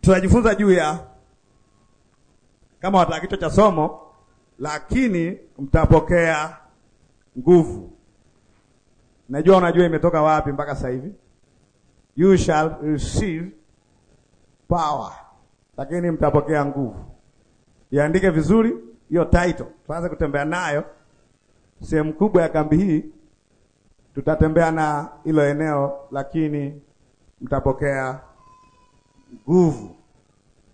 tutajifunza juu ya kama wataka kichwa cha somo, lakini mtapokea nguvu. Najua unajua imetoka wapi mpaka sasa hivi, you shall receive power, lakini mtapokea nguvu. Iandike vizuri hiyo title, tuanze kutembea nayo sehemu kubwa ya kambi hii tutatembea na hilo eneo, lakini mtapokea nguvu.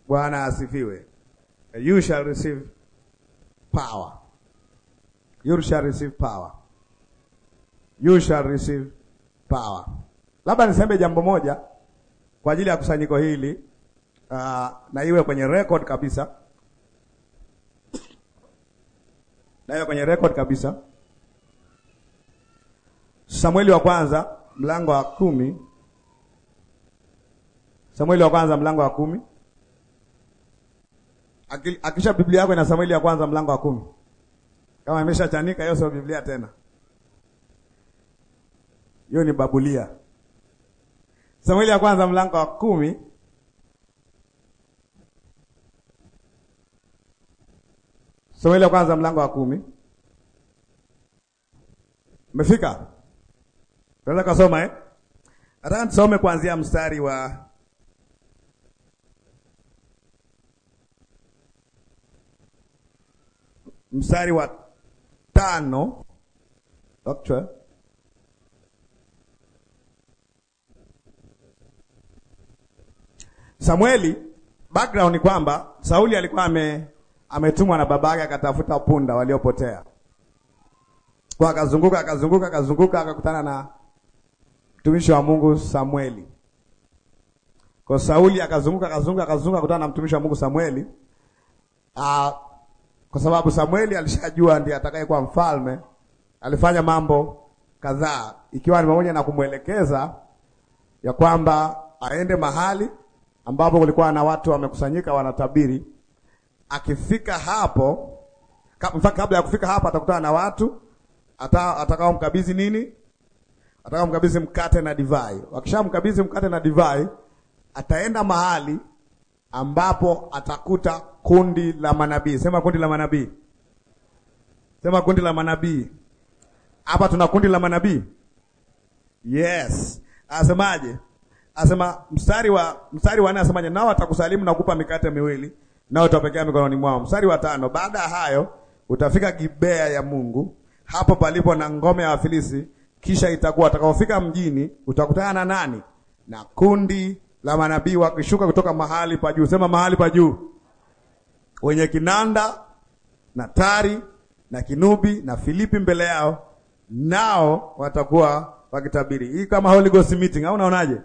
Bwana asifiwe. You shall receive power. You shall receive power. You shall receive power. Labda niseme jambo moja kwa ajili ya kusanyiko hili uh, na iwe kwenye record kabisa, na iwe kwenye record kabisa. Samueli wa kwanza mlango wa kumi Samueli wa kwanza mlango wa kumi. Akisha Biblia yako ina Samueli ya kwanza mlango wa kumi. Kama imeshachanika hiyo sio Biblia tena. Hiyo ni babulia. Samueli ya kwanza mlango wa kumi. Samueli ya kwanza mlango wa kumi. Mefika? Tunaweza kusoma eh? Nataka tusome kuanzia mstari wa mstari wa tano Doctor. Samueli, background ni kwamba Sauli alikuwa ame ametumwa na babake akatafuta punda waliopotea. Kwa akazunguka akazunguka akazunguka akakutana na mtumishi wa Mungu Samueli. Kwa Sauli akazunguka akazunguka akazunguka akakutana na mtumishi wa Mungu Samueli. Ah, kwa sababu Samueli alishajua ndiye atakayekuwa mfalme. Alifanya mambo kadhaa, ikiwa ni pamoja na kumwelekeza ya kwamba aende mahali ambapo kulikuwa na watu wamekusanyika wanatabiri. Akifika hapo kabla ya kufika hapo atakutana na watu ata, atakao mkabidhi nini? Atakao mkabidhi mkate na divai. Wakishamkabidhi mkate na divai, ataenda mahali ambapo atakuta kundi la manabii. Sema kundi la manabii. Sema kundi la manabii. Hapa tuna kundi la manabii. Yes. Asemaje? Asema mstari wa mstari wa nne asemaje? Nao atakusalimu na kukupa mikate miwili, nao utapekea mikononi mwao. Mstari wa tano, baada ya hayo utafika Gibea ya Mungu, hapo palipo na ngome ya Wafilisti. Kisha itakuwa utakaofika mjini utakutana na nani? Na kundi la manabii wakishuka kutoka mahali pa juu. Sema mahali pa juu wenye kinanda na tari na kinubi na Filipi mbele yao, nao watakuwa wakitabiri. Hii kama Holy Ghost meeting au unaonaje?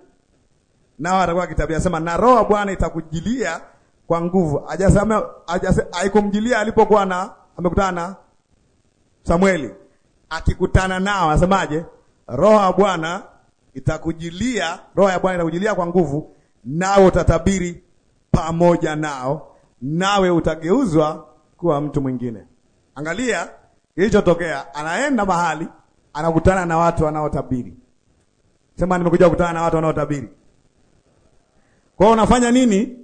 Nao watakuwa wakitabiri, asema na roho ya Bwana itakujilia kwa nguvu. ajase haikumjilia alipokuwa na amekutana Samueli, akikutana nao asemaje Roho ya Bwana itakujilia, roho ya Bwana itakujilia kwa nguvu, nao utatabiri pamoja nao nawe utageuzwa kuwa mtu mwingine. Angalia kilichotokea, anaenda mahali anakutana na watu wanaotabiri. Sema nimekuja kukutana na watu wanaotabiri. Kwa hiyo unafanya nini?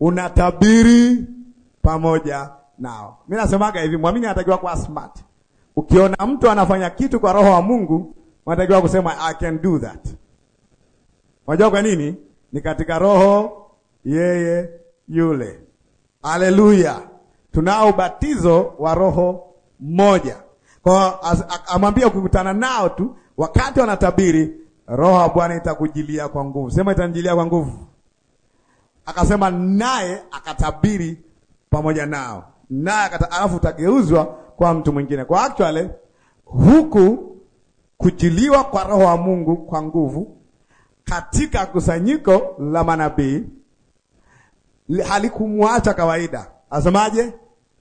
Unatabiri pamoja nao. Mimi nasemaga hivi, mwamini anatakiwa kuwa smart. Ukiona mtu anafanya kitu kwa roho wa Mungu, unatakiwa kusema I can do that. Unajua kwa nini? Ni katika roho yeye yule. Haleluya! Tunao ubatizo wa roho moja Kwa amwambia ukikutana nao tu wakati wanatabiri, roho ya Bwana itakujilia kwa nguvu. Sema itanijilia kwa nguvu. Akasema naye akatabiri pamoja nao, naye alafu utageuzwa kwa mtu mwingine. Kwa actually huku kujiliwa kwa roho wa Mungu kwa nguvu katika kusanyiko la manabii halikumwacha kawaida. Asemaje?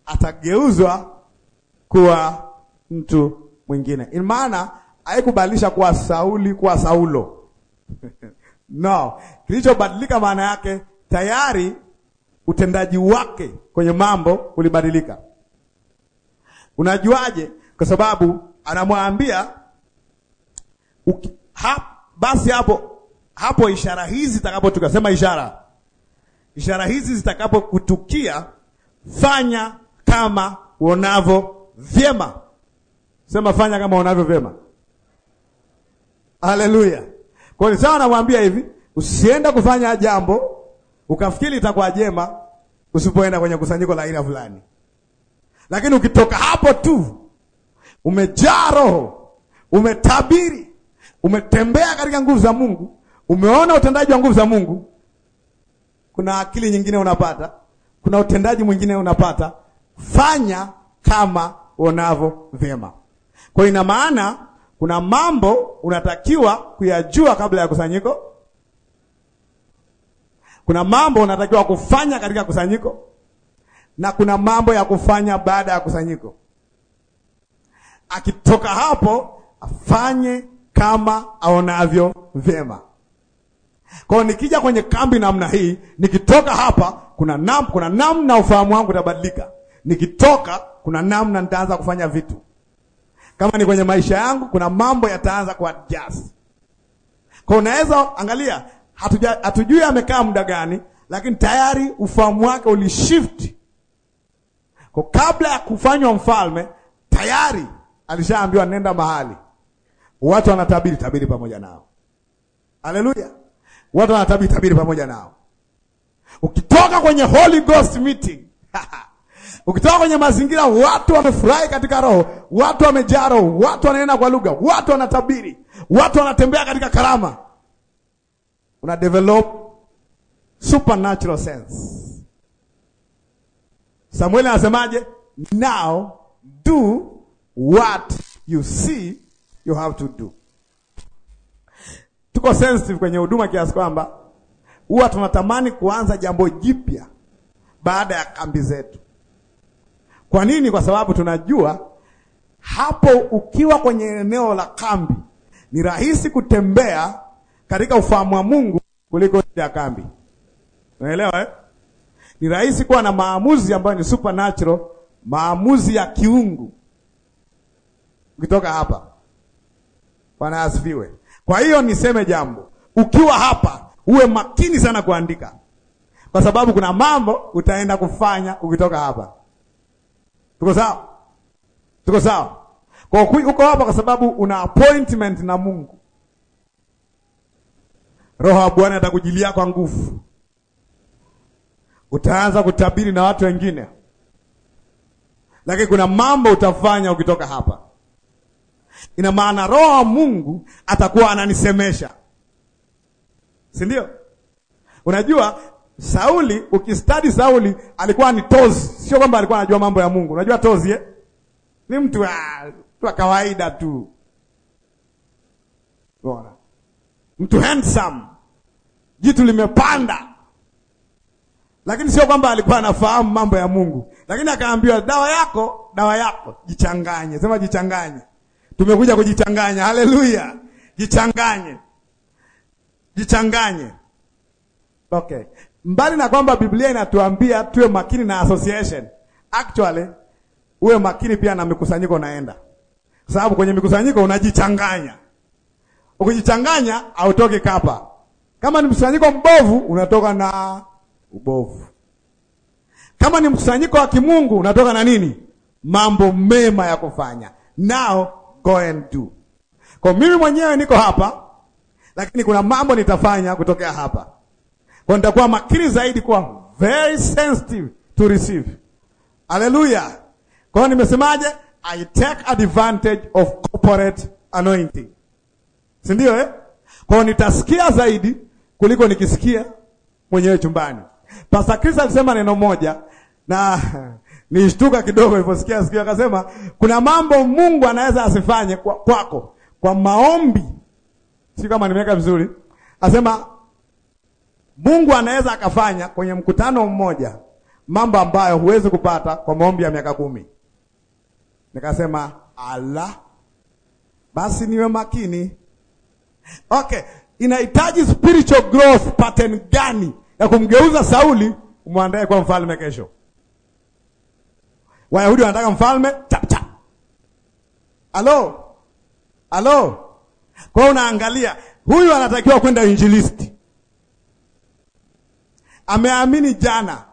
Atageuzwa kuwa mtu mwingine, in maana haikubadilisha kuwa Sauli kuwa Saulo no, kilichobadilika maana yake tayari utendaji wake kwenye mambo ulibadilika. Unajuaje? Kwa sababu anamwambia basi hapo hapo, ishara hizi takapotuka, ishara Ishara hizi zitakapokutukia, fanya kama uonavyo vyema. Sema, fanya kama uonavyo vyema. Haleluya! Kwa hiyo sawa, namwambia hivi, usienda kufanya jambo ukafikiri itakuwa jema usipoenda kwenye kusanyiko la aina fulani, lakini ukitoka hapo tu umejaa Roho, umetabiri, umetembea katika nguvu za Mungu, umeona utendaji wa nguvu za Mungu kuna akili nyingine unapata, kuna utendaji mwingine unapata. Fanya kama uonavyo vyema. Kwa ina maana kuna mambo unatakiwa kuyajua kabla ya kusanyiko, kuna mambo unatakiwa kufanya katika kusanyiko, na kuna mambo ya kufanya baada ya kusanyiko. Akitoka hapo afanye kama aonavyo vyema. Kwa hiyo nikija kwenye kambi namna hii, nikitoka hapa, kuna nam, kuna namna ufahamu wangu utabadilika. Nikitoka kuna namna nitaanza kufanya vitu. Kama ni kwenye maisha yangu, kuna mambo yataanza kwa adjust. Kwa unaweza angalia, hatuja hatujui amekaa muda gani, lakini tayari ufahamu wake ulishift. Kwa kabla ya kufanywa mfalme, tayari alishaambiwa nenda mahali watu wanatabiri, tabiri pamoja nao. Haleluya! watu wanatabiri tabiri pamoja nao. Ukitoka kwenye Holy Ghost meeting ukitoka kwenye mazingira, watu wamefurahi katika roho, watu wamejaa roho, watu wananena kwa lugha, watu wanatabiri, watu wanatembea katika karama, una develop supernatural sense. Samueli anasemaje? Now do what you see you have to do tuko sensitive kwenye huduma kiasi kwamba huwa tunatamani kuanza jambo jipya baada ya kambi zetu. Kwa nini? Kwa sababu tunajua hapo, ukiwa kwenye eneo la kambi, ni rahisi kutembea katika ufahamu wa Mungu kuliko nje ya kambi. Unaelewa eh? Ni rahisi kuwa na maamuzi ambayo ni supernatural, maamuzi ya kiungu. Ukitoka hapa, Bwana asifiwe. Kwa hiyo niseme jambo, ukiwa hapa uwe makini sana kuandika, kwa sababu kuna mambo utaenda kufanya ukitoka hapa. Tuko sawa? Tuko sawa? Kwa uko hapa kwa sababu una appointment na Mungu. Roho wa Bwana atakujilia kwa nguvu, utaanza kutabiri na watu wengine, lakini kuna mambo utafanya ukitoka hapa ina maana roho wa Mungu atakuwa ananisemesha, si ndio? Unajua Sauli, ukistadi Sauli alikuwa ni tozi, sio kwamba alikuwa anajua mambo ya Mungu. Unajua tozi eh? ni mtu ah, wa kawaida tu, Bora. mtu handsome, jitu limepanda lakini sio kwamba alikuwa anafahamu mambo ya Mungu, lakini akaambiwa dawa yako, dawa yako jichanganye. Sema jichanganye. Tumekuja kujichanganya. Haleluya, jichanganye, jichanganye. Okay, mbali na kwamba Biblia inatuambia tuwe makini na association, actually uwe makini pia na mikusanyiko unaenda, kwa sababu kwenye mikusanyiko unajichanganya. Ukijichanganya hautoki kapa. Kama ni mkusanyiko mbovu, unatoka na ubovu. Kama ni mkusanyiko wa kimungu, unatoka na nini? Mambo mema ya kufanya nao go and do. Kwa mimi mwenyewe niko hapa, lakini kuna mambo nitafanya kutokea hapa. Kwa nitakuwa makini zaidi kuwa very sensitive to receive. Haleluya. Kwa hiyo nimesemaje? I take advantage of corporate anointing. Si ndio eh? Kwa hiyo nitasikia zaidi kuliko nikisikia mwenyewe chumbani. Pastor Chris alisema neno moja na nishtuka kidogo niliposikia sikio, akasema kuna mambo Mungu anaweza asifanye kwa, kwako kwa maombi. Si kama nimeweka vizuri, asema Mungu anaweza akafanya kwenye mkutano mmoja mambo ambayo huwezi kupata kwa maombi ya miaka kumi. Nikasema ala, basi niwe makini. Okay, inahitaji spiritual growth pattern gani ya kumgeuza Sauli umwandae kwa mfalme kesho? Wayahudi wanataka mfalme chap chap. Halo? Halo? Kwa unaangalia huyu anatakiwa kwenda injilisti. Ameamini jana,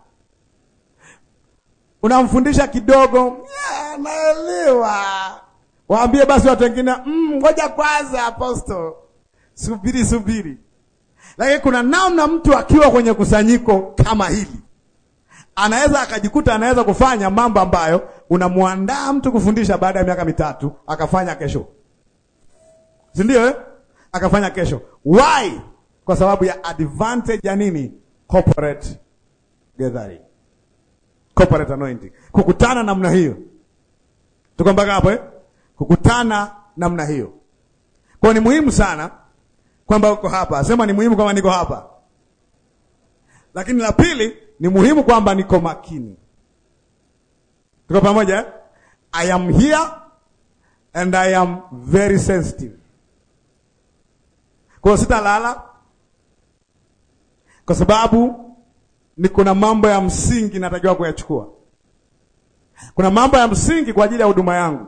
unamfundisha kidogo, anaelewa. Ah, Waambie basi watu wengine, mm, ngoja kwanza apostle. subiri subiri. Lakini kuna namna mtu akiwa kwenye kusanyiko kama hili anaweza akajikuta anaweza kufanya mambo ambayo unamwandaa mtu kufundisha baada ya miaka mitatu, akafanya kesho, si ndio eh? Akafanya kesho. Why? Kwa sababu ya advantage ya nini? Corporate gathering, corporate anointing, kukutana namna hiyo. Tuko mpaka hapo eh? Kukutana namna hiyo, kwa ni muhimu sana kwamba uko hapa. Sema ni muhimu kama niko hapa, lakini la pili ni muhimu kwamba niko makini. Tuko pamoja? Eh? I am here and I am very sensitive. Kwa sitalala kwa sababu ni kuna mambo ya msingi natakiwa kuyachukua. Kuna mambo ya msingi kwa ajili ya huduma yangu.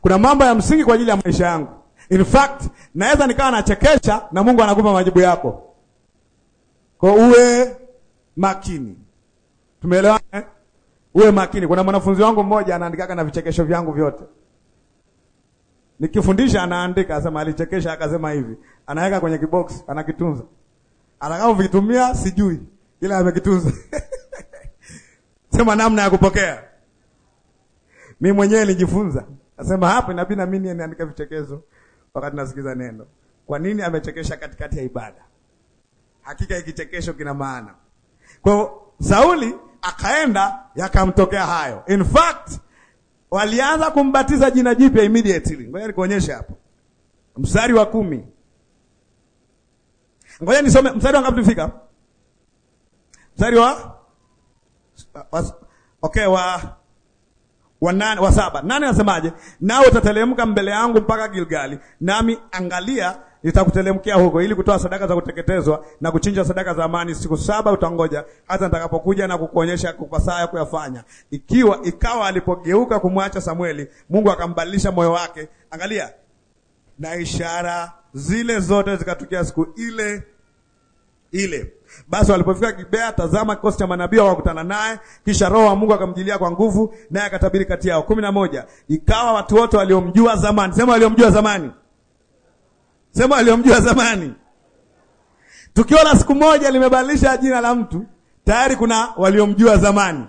Kuna mambo ya msingi kwa ajili ya maisha yangu. In fact, naweza nikawa nachekesha na Mungu anakupa majibu yako. Kwa uwe makini. Tumeelewa eh? Uwe makini. Kuna mwanafunzi wangu mmoja anaandikaga na vichekesho vyangu vyote. Nikifundisha anaandika, asema alichekesha akasema hivi. Anaweka kwenye kibox, anakitunza. Atakao vitumia sijui. Ila amekitunza. Sema namna ya kupokea. Mi mwenyewe nilijifunza. Nasema hapo inabidi na mimi niandike vichekezo wakati nasikiza neno. Kwa nini amechekesha katikati ya ibada? Hakika ikichekesho kina maana. Kwa Sauli akaenda yakamtokea hayo. In fact walianza kumbatiza jina jipya immediately. Ngoja nikuonyeshe hapo, mstari wa kumi. Ngoja nisome mstari wa ngapi tufika? Mstari wa okay, wa wa nane, wa saba. Nani anasemaje? Nawe utateremka mbele yangu mpaka Gilgali, nami angalia nitakutelemkia huko ili kutoa sadaka za kuteketezwa na kuchinja sadaka za amani. Siku saba utangoja hata nitakapokuja na kukuonyesha kupasaa kuyafanya. Ikiwa ikawa alipogeuka kumwacha Samueli, Mungu akambadilisha moyo wake. Angalia, na ishara zile zote zikatukia siku ile ile. Basi walipofika Gibea, tazama, kikosi cha manabii wakakutana naye. Kisha Roho wa Mungu akamjilia kwa nguvu, naye akatabiri kati yao. kumi na moja. Ikawa watu wote waliomjua zamani, sema waliomjua zamani sema aliyomjua zamani. Tukio la siku moja limebadilisha jina la mtu, tayari kuna waliomjua zamani.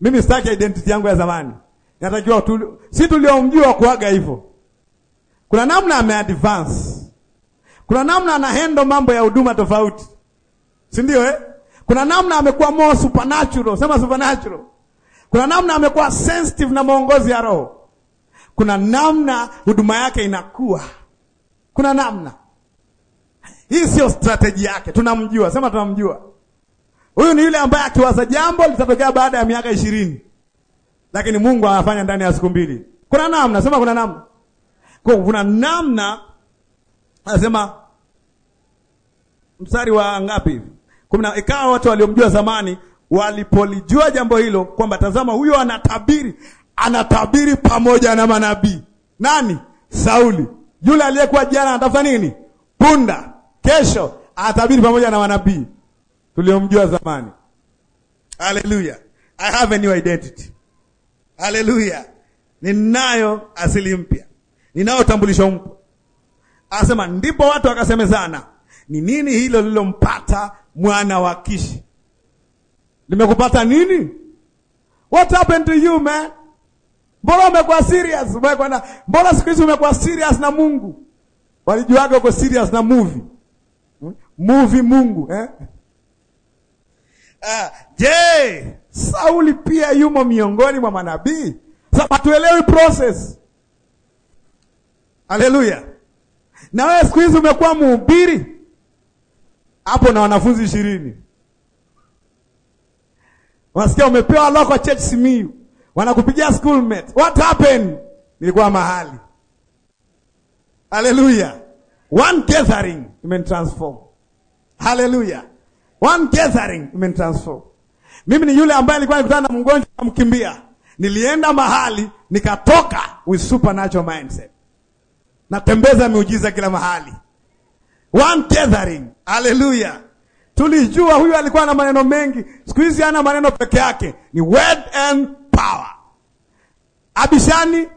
Mimi sitaki identity yangu ya zamani, natakiwa tu, si tuliomjua kuaga hivyo. Kuna namna ame advance, kuna namna handle mambo ya huduma tofauti, si ndio eh? Kuna namna amekuwa more supernatural, sema supernatural. Kuna namna amekuwa sensitive na maongozi ya Roho. Kuna namna huduma yake inakuwa kuna namna hii, sio strateji yake, tunamjua. Sema tunamjua huyu ni yule ambaye akiwaza jambo litatokea baada ya miaka ishirini, lakini Mungu anafanya ndani ya siku mbili. Kuna namna, sema kuna namna. Kwa kuna namna, anasema mstari wa ngapi hivi? Kumi na ikawa watu waliomjua zamani walipolijua jambo hilo kwamba tazama, huyo anatabiri, anatabiri pamoja na manabii. Nani? Sauli. Yule aliyekuwa jana anatafuta nini? Punda. Kesho atabiri pamoja na wanabii tuliomjua zamani. Haleluya. I have a new identity. Haleluya. Ninayo asili mpya, ninao utambulisho mpya. Asema ndipo watu wakasemezana, ni nini hilo lilompata mwana wa Kishi? Limekupata nini? What happened to you man? Mbona umekuwa serious? Umekuwa na mbona siku hizi umekuwa serious na Mungu? Walijuaga uko serious na movie. Hmm? Movie Mungu, eh? Ah, je, Sauli pia yumo miongoni mwa manabii? Sasa hatuelewi process. Haleluya. Na wewe siku hizi umekuwa mhubiri hapo na wanafunzi ishirini. Unasikia umepewa local church Simiyu wanakupigia schoolmate, what happened? Nilikuwa mahali. Haleluya, one gathering imenitransform. Haleluya, one gathering imenitransform. Mimi ni yule ambaye alikuwa nikutana na mgonjwa namkimbia, nilienda mahali nikatoka with supernatural mindset. Natembeza miujiza kila mahali, one gathering. Haleluya. Tulijua huyu alikuwa na maneno mengi, siku hizi hana maneno peke yake, ni word and power. Abishani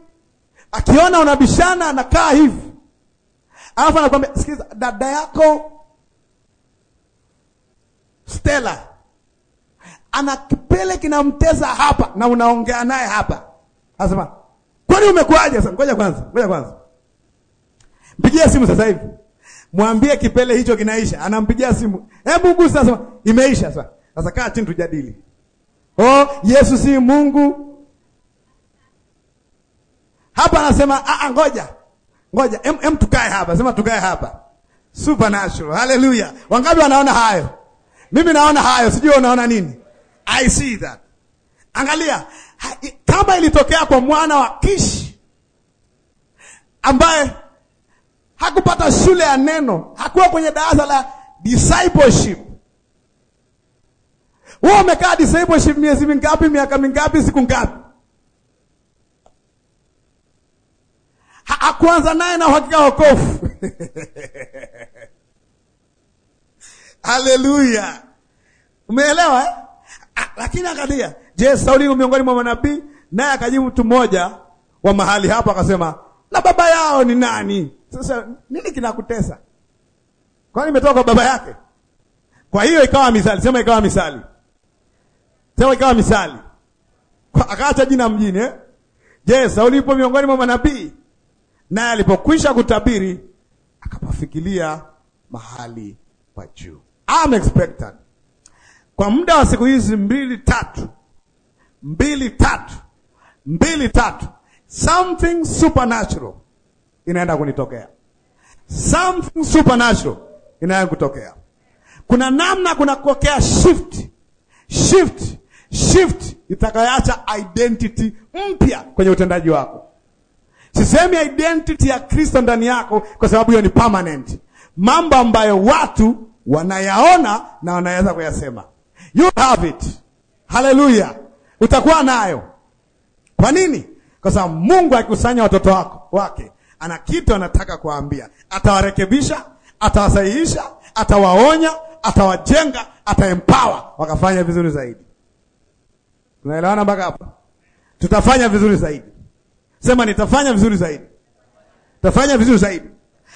akiona unabishana anakaa hivi, alafu anakuambia sikiliza, dada yako Stella ana kipele kinamteza hapa, na unaongea naye hapa, anasema kwani umekuaje? Sasa ngoja kwanza, ngoja kwanza, mpigie simu sasa hivi, mwambie kipele hicho kinaisha. Anampigia simu, hebu gusa, sasa imeisha. Sasa sasa kaa chini tujadili. Oh, Yesu si Mungu. Hapa anasema a ah, ah, ngoja. Ngoja, em, em tukae hapa. Sema tukae hapa. Supernatural. Hallelujah. Wangapi wanaona hayo? Mimi naona hayo, sijui unaona nini? I see that. Angalia, kama ilitokea kwa mwana wa Kishi ambaye hakupata shule ya neno, hakuwa kwenye darasa la discipleship wewe umekaa discipleship miezi mingapi, miaka mingapi, siku ngapi? Hakuanza naye na uhakika wokovu. Haleluya. Umeelewa eh? Ah, lakini angalia, je, Sauli ni miongoni mwa manabii? Naye akajibu mtu mmoja wa mahali hapo akasema, na baba yao ni nani? Sasa nini kinakutesa? Kwani imetoka kwa baba yake? Kwa hiyo ikawa misali, sema ikawa misali. Sema ikawa misali, akaacha jina mjini eh? Je, Sauli yupo miongoni mwa manabii? Naye alipokwisha kutabiri akapafikilia mahali pa juu. I'm expectant kwa muda wa siku hizi mbili tatu mbili tatu mbili tatu, something supernatural inaenda kunitokea, something supernatural inaenda kutokea. Kuna namna kuna shift shift shift itakayoacha identity mpya kwenye utendaji wako. Sisemi identity ya Kristo ndani yako, kwa sababu hiyo ni permanent, mambo ambayo watu wanayaona na wanaweza kuyasema. You have it, haleluya, utakuwa nayo. Kwa nini? Kwa sababu Mungu akikusanya watoto wako wake, ana kitu anataka kuwaambia. Atawarekebisha, atawasahihisha, atawaonya, atawajenga, ataempower wakafanya vizuri zaidi. Tunaelewana mpaka hapo? Tutafanya vizuri zaidi. Sema nitafanya vizuri zaidi. Tafanya vizuri zaidi.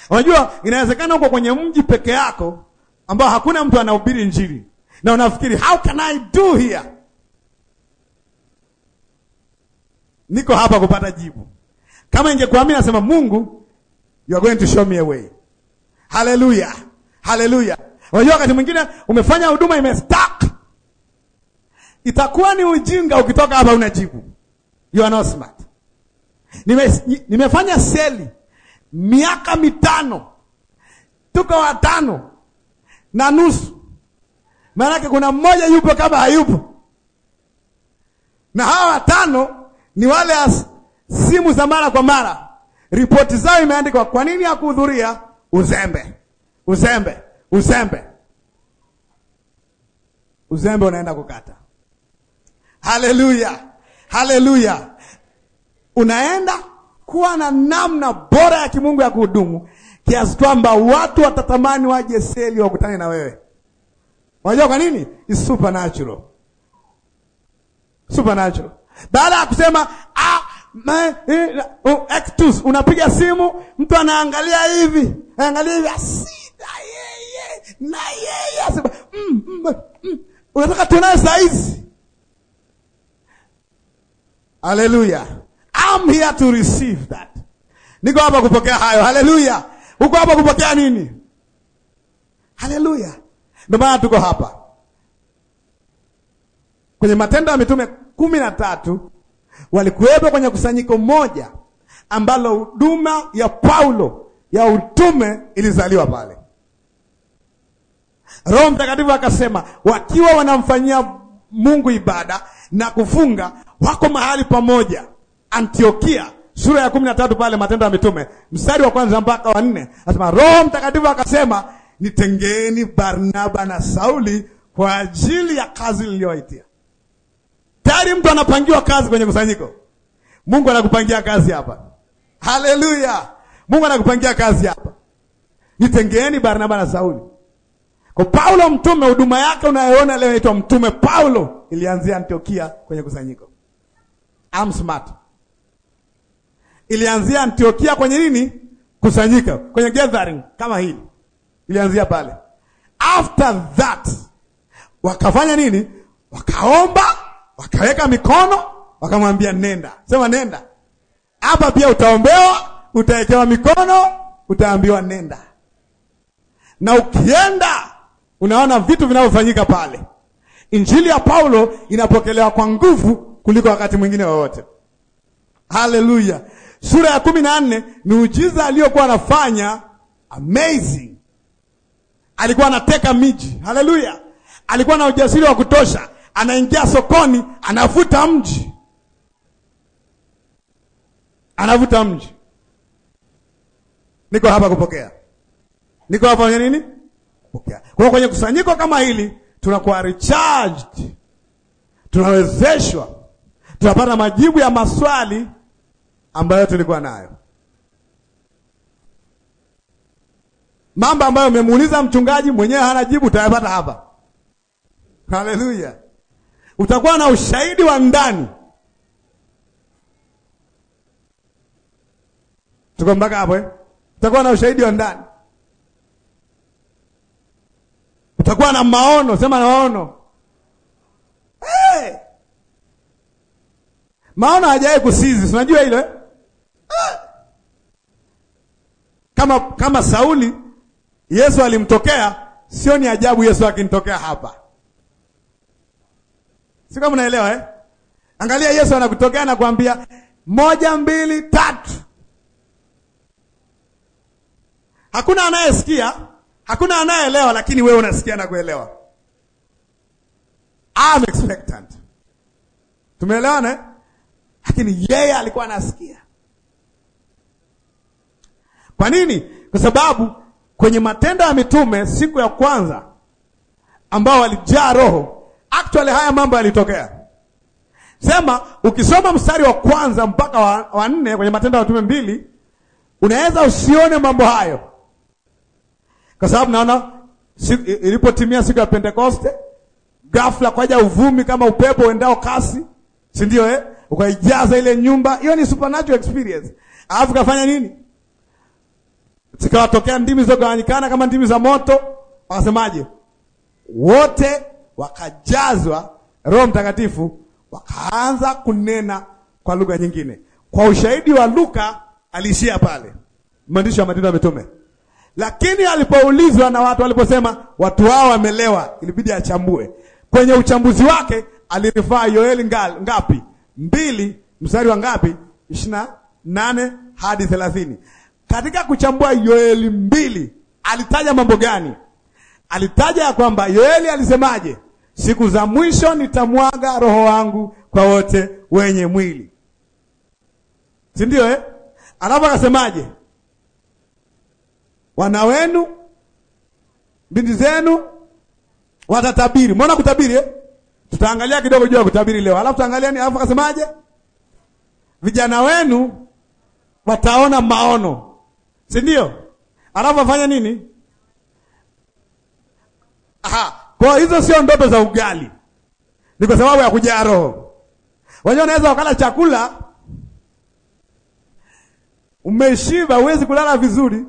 Unajua inawezekana uko kwenye mji peke yako ambao hakuna mtu anahubiri Injili na unafikiri how can I do here? Niko hapa kupata jibu. Kama ingekuamini nasema Mungu, you are going to show me a way. Hallelujah. Hallelujah. Unajua wakati mwingine umefanya huduma imestuck, Itakuwa ni ujinga ukitoka hapa unajibu. You are not smart. Nime, nimefanya seli miaka mitano, tuko watano na nusu. Maanake kuna mmoja yupo kama hayupo, na hawa watano ni wale as, simu za mara kwa mara, ripoti zao imeandikwa. Kwa nini hakuhudhuria? Uzembe, uzembe, uzembe, uzembe unaenda kukata Haleluya, haleluya. Unaenda kuwa na namna bora ya kimungu ya kuhudumu kiasi kwamba watu watatamani waje seli wakutane na wewe. Unajua kwa nini? It's supernatural, supernatural. Baada ya kusema ah, ma, eh, uh, oh, actus, unapiga simu, mtu anaangalia hivi, anaangalia hivi asida yeye na yeye, mm, mm, mm. unataka tunaye saizi Hallelujah. I'm here to receive that. Niko hapa kupokea hayo. Hallelujah. Uko hapa kupokea nini? Hallelujah. Ndio maana tuko hapa kwenye Matendo ya Mitume kumi na tatu walikuwepo kwenye kusanyiko moja ambalo huduma ya Paulo ya utume ilizaliwa pale. Roho Mtakatifu akasema, wakiwa wanamfanyia Mungu ibada na kufunga wako mahali pamoja Antiokia, sura ya kumi na tatu pale Matendo ya Mitume mstari wa kwanza mpaka wa nne anasema Roho Mtakatifu akasema, nitengeni Barnaba na Sauli kwa ajili ya kazi niliyowaitia. Tayari mtu anapangiwa kazi kwenye kusanyiko. Mungu anakupangia kazi hapa. Haleluya! Mungu anakupangia kazi hapa. Nitengeeni Barnaba na Sauli kwa Paulo mtume, huduma yake unayoona leo inaitwa mtume Paulo, ilianzia Antiokia kwenye kusanyiko. I'm smart. Ilianzia Antiokia kwenye nini? Kusanyika, kwenye gathering kama hili. Ilianzia pale. After that wakafanya nini? Wakaomba, wakaweka mikono, wakamwambia nenda. Sema nenda. Hapa pia utaombewa, utawekewa mikono, utaambiwa nenda. Na ukienda Unaona vitu vinavyofanyika pale. Injili ya Paulo inapokelewa kwa nguvu kuliko wakati mwingine wowote. Haleluya! Sura ya kumi na nne, miujiza aliyokuwa anafanya amazing. Alikuwa anateka miji. Haleluya! Alikuwa na ujasiri wa kutosha, anaingia sokoni, anavuta mji, anavuta mji. Niko hapa kupokea, niko hapa nini pokea. Kwa hiyo kwenye kusanyiko kama hili tunakuwa recharged, tunawezeshwa, tunapata majibu ya maswali ambayo tulikuwa nayo, mambo ambayo umemuuliza mchungaji mwenyewe hana jibu, utayapata hapa. Haleluya! utakuwa na ushahidi wa ndani. Tuko mpaka hapo eh? Utakuwa na ushahidi wa ndani. Utakuwa na maono, sema maono. Hey! Maono hajawahi kusizi, unajua hilo eh? Ah! Kama kama Sauli Yesu alimtokea, sio ni ajabu Yesu akinitokea hapa. Si kama unaelewa eh? Angalia Yesu anakutokea na kuambia moja, mbili, tatu. Hakuna anayesikia Hakuna anayeelewa, lakini wewe unasikia na kuelewa. I'm expectant. Tumeelewana? Eh? Lakini yeye alikuwa anasikia. Kwa nini? Kwa sababu kwenye Matendo ya Mitume siku ya kwanza ambao walijaa Roho, actually haya mambo yalitokea. Sema ukisoma mstari wa kwanza mpaka wa, wa nne kwenye Matendo ya Mitume mbili, unaweza usione mambo hayo kwa sababu naona ilipotimia siku ya Pentekoste ghafla kwaja uvumi kama upepo uendao kasi, si ndio eh? Ukaijaza ile nyumba. Hiyo ni supernatural experience. Alafu kafanya nini? Zikawatokea ndimi zilizogawanyikana kama ndimi za moto, wakasemaje? Wote wakajazwa Roho Mtakatifu, wakaanza kunena kwa lugha nyingine. Kwa ushahidi wa Luka, alishia pale, mwandishi wa Matendo ya Mitume. Lakini alipoulizwa na watu waliposema watu hao wamelewa, ilibidi achambue. Kwenye uchambuzi wake alirifaa Yoeli ngapi? mbili mstari wa ngapi? ishirini na nane hadi thelathini. Katika kuchambua Yoeli mbili alitaja mambo gani? Alitaja ya kwamba Yoeli alisemaje, siku za mwisho nitamwaga roho wangu kwa wote wenye mwili, si ndio eh? Alafu akasemaje wana wenu binti zenu watatabiri. Mbona kutabiri eh? Tutaangalia kidogo juu ya kutabiri leo. Alafu tutaangalia ni, alafu akasemaje? Vijana wenu wataona maono. Si ndio? Alafu afanye nini? Aha, kwa hizo sio ndoto za ugali. Ni kwa sababu ya kujaa roho. Wajua naweza wakala chakula umeshiba, huwezi kulala vizuri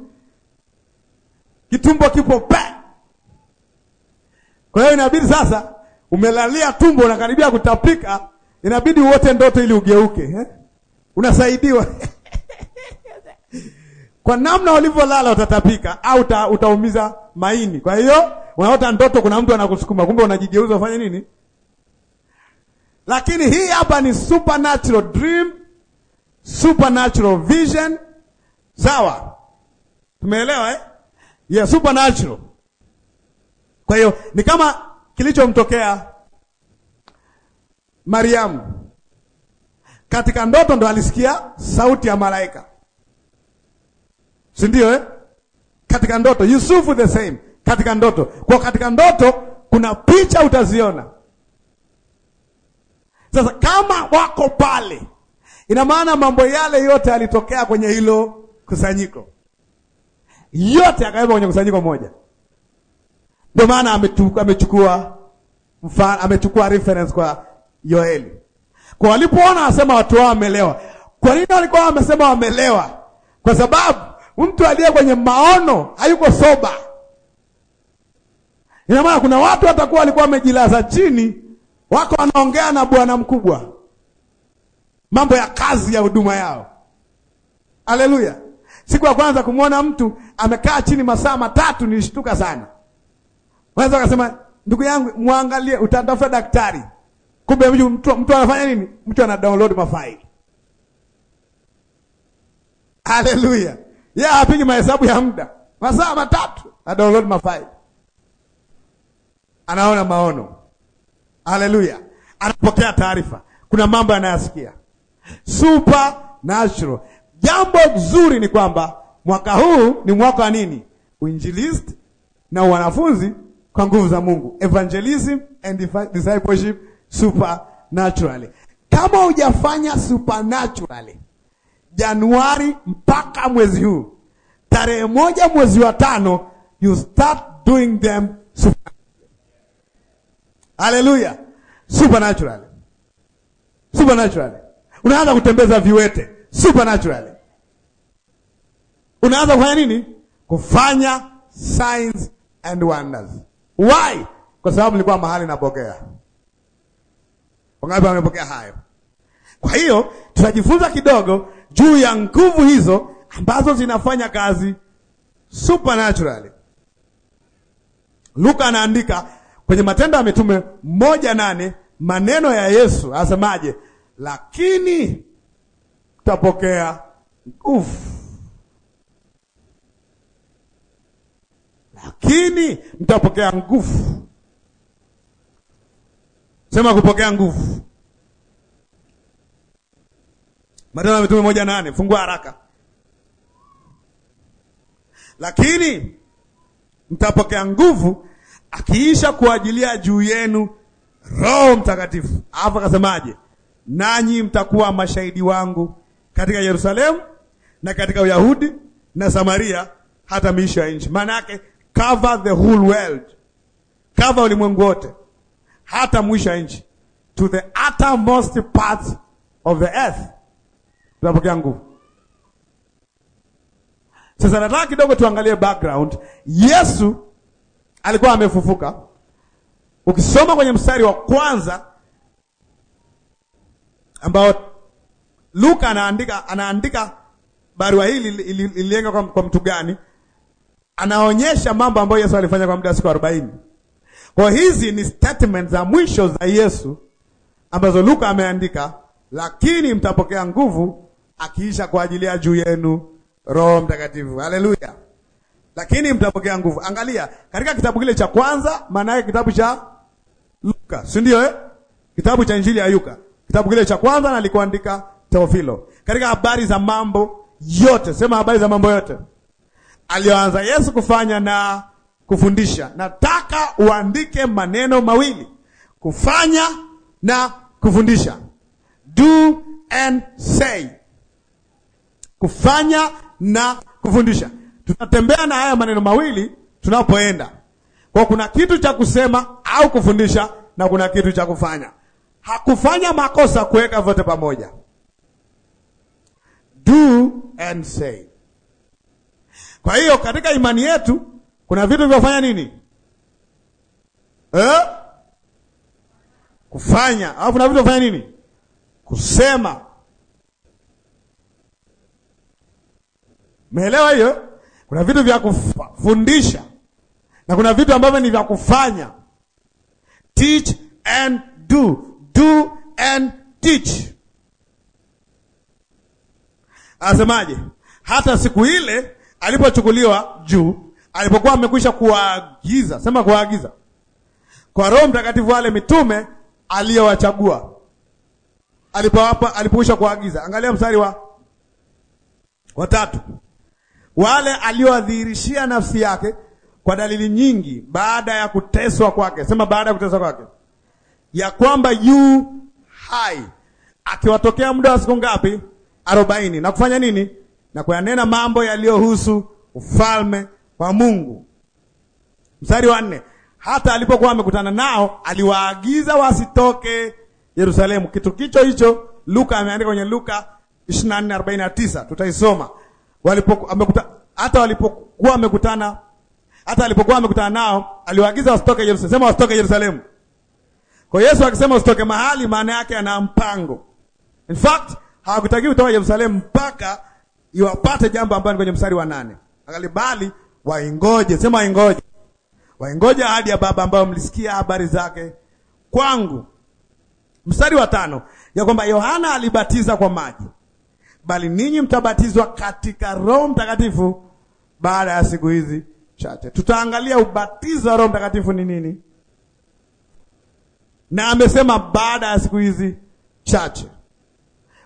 kitumbo kipo pe. Kwa hiyo inabidi sasa, umelalia tumbo unakaribia kutapika, inabidi uote ndoto ili ugeuke eh? Unasaidiwa kwa namna ulivyolala utatapika, au utaumiza maini. Kwa hiyo unaota ndoto, kuna mtu anakusukuma, kumbe unajigeuza ufanye nini? Lakini hii hapa ni supernatural dream, supernatural vision. Sawa, tumeelewa eh? Yeah, supernatural. Kwa hiyo ni kama kilichomtokea Mariamu katika ndoto, ndo alisikia sauti ya malaika, si ndio eh? Katika ndoto. Yusufu the same, katika ndoto. Kwa katika ndoto kuna picha utaziona. Sasa kama wako pale, ina maana mambo yale yote yalitokea kwenye hilo kusanyiko yote akaweka kwenye kusanyiko moja. Ndio maana amechukua mfano, amechukua reference kwa Yoeli. Kwa walipoona wasema watu wao wamelewa. Kwa nini walikuwa wamesema wamelewa? Kwa sababu mtu aliye kwenye maono hayuko soba. Ina maana kuna watu watakuwa walikuwa wamejilaza chini, wako wanaongea na bwana mkubwa, mambo ya kazi ya huduma yao. Haleluya! Siku ya kwanza kumwona mtu amekaa chini masaa matatu, nilishtuka sana. Wanaweza wakasema, ndugu yangu, mwangalie, utatafuta daktari. Kumbe mtu mtu anafanya nini? Mtu ana download mafaili. Haleluya! Yeye hapigi mahesabu ya muda, masaa matatu na download mafaili, anaona maono. Haleluya! anapokea taarifa, kuna mambo anayasikia supernatural. Jambo zuri ni kwamba Mwaka huu ni mwaka wa nini? Uinjilist na wanafunzi kwa nguvu za Mungu, evangelism and discipleship supernaturally. Kama hujafanya supernaturally Januari mpaka mwezi huu tarehe moja mwezi wa tano, you start doing them supernaturally. Haleluya, supernaturally, supernaturally unaanza kutembeza viwete supernaturally unaanza kufanya nini? Kufanya signs and wonders. Why? Kwa sababu nilikuwa mahali napokea. Wangapi wamepokea hayo? Kwa hiyo tutajifunza kidogo juu ya nguvu hizo ambazo zinafanya kazi supernaturally. Luka anaandika kwenye Matendo ya Mitume moja nane maneno ya Yesu asemaje? Lakini mtapokea nguvu lakini mtapokea nguvu. Sema kupokea nguvu. Matendo ya Mitume moja nane, fungua haraka. Lakini mtapokea nguvu akiisha kuajilia juu yenu Roho Mtakatifu. Alafu akasemaje? Nanyi mtakuwa mashahidi wangu katika Yerusalemu na katika Uyahudi na Samaria hata miisho ya nchi. Maana yake cover the whole world, cover ulimwengu wote, hata mwisho ya nchi, to the uttermost parts of the earth. Tunapokea nguvu sasa. Nataka kidogo tuangalie background. Yesu alikuwa amefufuka. Ukisoma kwenye mstari wa kwanza ambao Luka anaandika, anaandika barua hili ilienga kwa, kwa mtu gani? anaonyesha mambo ambayo Yesu alifanya kwa muda wa siku Kwa hizi ni statement za mwisho za Yesu ambazo Luka ameandika, lakini mtapokea nguvu akiisha kwa ajili ya juu yenu Roho Mtakatifu. Haleluya! Lakini mtapokea nguvu. Angalia katika kitabu kile cha kwanza, maana yake kitabu cha Luka, si ndio eh? Kitabu cha Injili ya Yuka, kitabu kile cha kwanza nalikuandika Teofilo, katika habari za mambo yote, sema habari za mambo yote aliyoanza Yesu kufanya na kufundisha. Nataka uandike maneno mawili, kufanya na kufundisha, do and say. Kufanya na kufundisha, tunatembea na haya maneno mawili tunapoenda kwa. Kuna kitu cha kusema au kufundisha na kuna kitu cha kufanya. Hakufanya makosa kuweka vyote pamoja, do and say. Kwa hiyo katika imani yetu kuna vitu vyofanya nini eh? kufanya alafu na vitu vyofanya nini kusema. Umeelewa hiyo? Kuna vitu vya kufundisha na kuna vitu ambavyo ni vya kufanya. Teach and do, do and teach. Asemaje? Hata siku ile alipochukuliwa juu, alipokuwa amekwisha kuwaagiza, sema kuwaagiza kwa Roho Mtakatifu wale mitume aliyowachagua, alipowapa, alipokwisha kuwaagiza. Angalia mstari wa watatu, wale aliowadhihirishia nafsi yake kwa dalili nyingi, baada ya kuteswa kwake, sema baada ya kuteswa kwake, ya kwamba yu hai, akiwatokea muda wa siku ngapi? Arobaini, na kufanya nini? na kuyanena mambo yaliyohusu ufalme wa Mungu. Mstari wa nne, hata alipokuwa amekutana nao aliwaagiza wasitoke Yerusalemu. Kitu kicho hicho Luka ameandika kwenye Luka 24:49 tutaisoma. Walipokuwa amekuta, hata walipokuwa amekutana hata alipokuwa amekutana nao aliwaagiza wasitoke Yerusalemu. Sema wasitoke Yerusalemu. Kwa Yesu akisema usitoke mahali, maana yake ana mpango. In fact, hawakutaki kutoka Yerusalemu mpaka iwapate jambo ambalo kwenye mstari wa nane angali, bali waingoje, sema waingoje, waingoje ahadi ya Baba ambayo mlisikia habari zake kwangu. Mstari wa tano ya kwamba Yohana alibatiza kwa maji, bali ninyi mtabatizwa katika Roho Mtakatifu baada ya siku hizi chache. Tutaangalia ubatizo wa Roho Mtakatifu ni nini, na amesema baada ya siku hizi chache.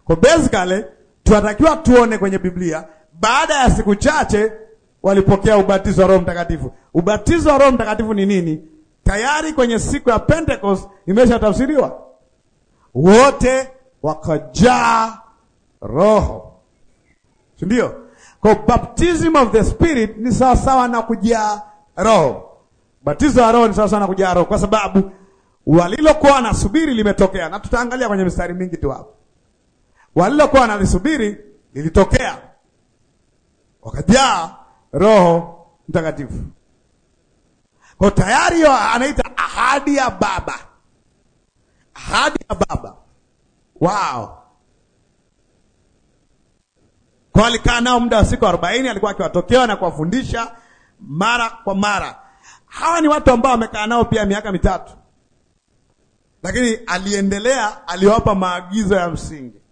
Kwa basically tunatakiwa tuone kwenye Biblia, baada ya siku chache walipokea ubatizo wa Roho Mtakatifu. Ubatizo wa Roho Mtakatifu ni nini? Tayari kwenye siku ya Pentecost imeshatafsiriwa, wote wakajaa Roho, si ndio? Kwa baptism of the spirit ni sawasawa na kujaa Roho. Batizo wa Roho ni sawasawa na kujaa Roho, kwa sababu walilokuwa wanasubiri limetokea, na tutaangalia kwenye mistari mingi tu hapo walilokuwa wanalisubiri lilitokea, wakajaa Roho Mtakatifu. Kwa tayari hiyo anaita ahadi ya Baba, ahadi ya Baba wao kwa alikaa nao muda wa siku arobaini alikuwa akiwatokea na kuwafundisha mara kwa mara. Hawa ni watu ambao wamekaa nao pia miaka mitatu, lakini aliendelea, aliwapa maagizo ya msingi.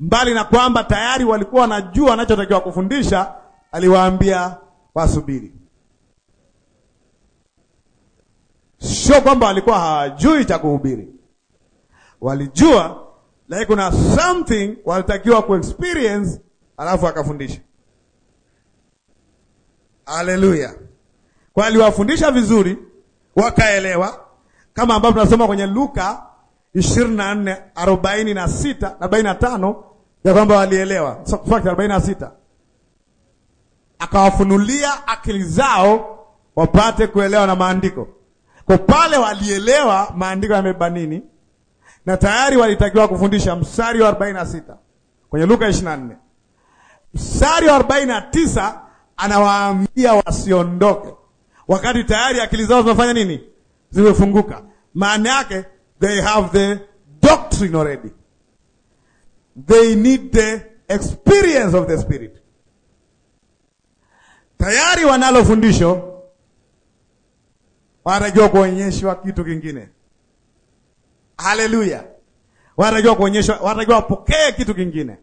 Mbali na kwamba tayari walikuwa wanajua anachotakiwa kufundisha, aliwaambia wasubiri. Sio kwamba walikuwa hawajui cha kuhubiri, walijua, lakini kuna something walitakiwa kuexperience, alafu akafundisha. Haleluya! Kwa aliwafundisha vizuri, wakaelewa, kama ambavyo tunasoma kwenye Luka ishirini na nne arobaini na sita arobaini na tano ya kwamba walielewa. So, fact arobaini na sita akawafunulia akili zao wapate kuelewa na maandiko. Kwa pale walielewa maandiko yamebanini na tayari walitakiwa kufundisha. Mstari wa 46 kwenye Luka 24 mstari wa 49 anawaambia wasiondoke, wakati tayari akili zao zimefanya nini? Zimefunguka. Maana yake They have the doctrine already. They need the experience of the Spirit. Tayari wanalo fundisho, wanatakiwa kuonyeshwa kitu kingine. Haleluya! Wanatakiwa kuonyeshwa, wanatakiwa wapokee kitu kingine.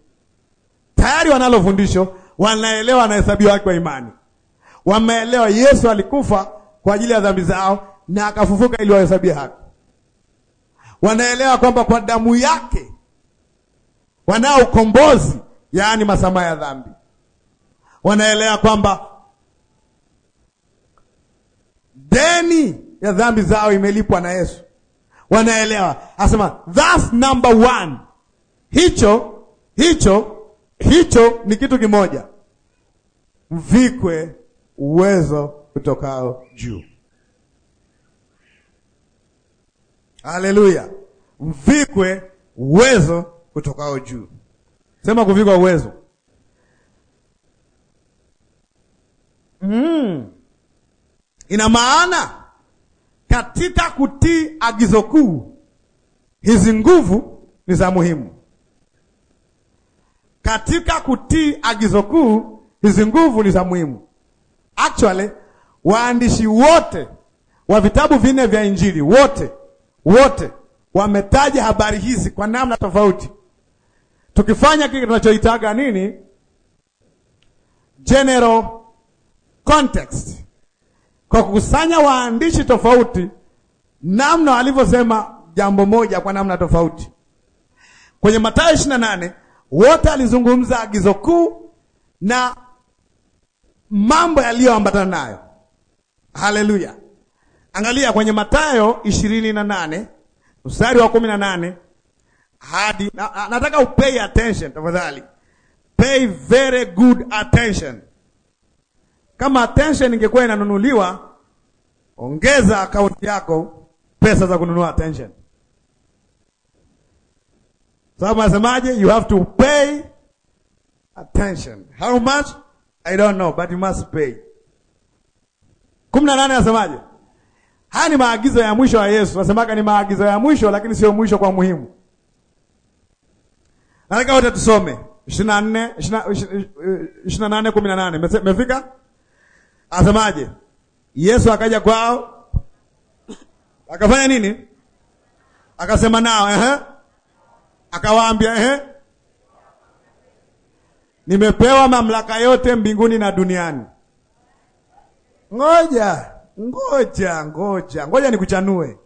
Tayari wanalo fundisho, wanaelewa, na wanahesabiwa haki kwa imani, wameelewa Yesu alikufa kwa ajili ya dhambi zao na akafufuka ili wahesabie haki wanaelewa kwamba kwa damu yake wanao ukombozi, yaani masamaha ya dhambi. Wanaelewa kwamba deni ya dhambi zao imelipwa na Yesu. Wanaelewa asema, that's number one. Hicho hicho hicho ni kitu kimoja, mvikwe uwezo utokao juu. Haleluya! Mvikwe uwezo kutokao juu. Sema kuvikwa uwezo. Mm. Ina maana katika kutii agizo kuu, hizi nguvu ni za muhimu. Katika kutii agizo kuu, hizi nguvu ni za muhimu. Actually, waandishi wote wa vitabu vinne vya Injili wote wote wametaja habari hizi kwa namna tofauti. Tukifanya kile tunachoitaga nini, general context, kwa kukusanya waandishi tofauti, namna walivyosema jambo moja kwa namna tofauti. Kwenye Mathayo nane wote alizungumza agizo kuu na mambo yaliyoambatana nayo. Haleluya! Angalia kwenye Mathayo ishirini na nane mstari wa kumi na nane hadi na, nataka upay attention tafadhali, pay very good attention. Kama attention ingekuwa inanunuliwa, ongeza akaunti yako pesa za kununua attention. Sababu nasemaje? You have to pay attention. How much? I don't know, but you must pay. kumi na nane nasemaje? Haya ni maagizo ya mwisho ya Yesu. Nasemaga ni maagizo ya mwisho, lakini sio mwisho kwa muhimu. Nataka wote tusome 24 28 mefika Asemaje? Yesu akaja kwao akafanya nini? Akasema nao, ehe, akawaambia ehe, nimepewa mamlaka yote mbinguni na duniani. Ngoja ngoja ngoja ngoja nikuchanue,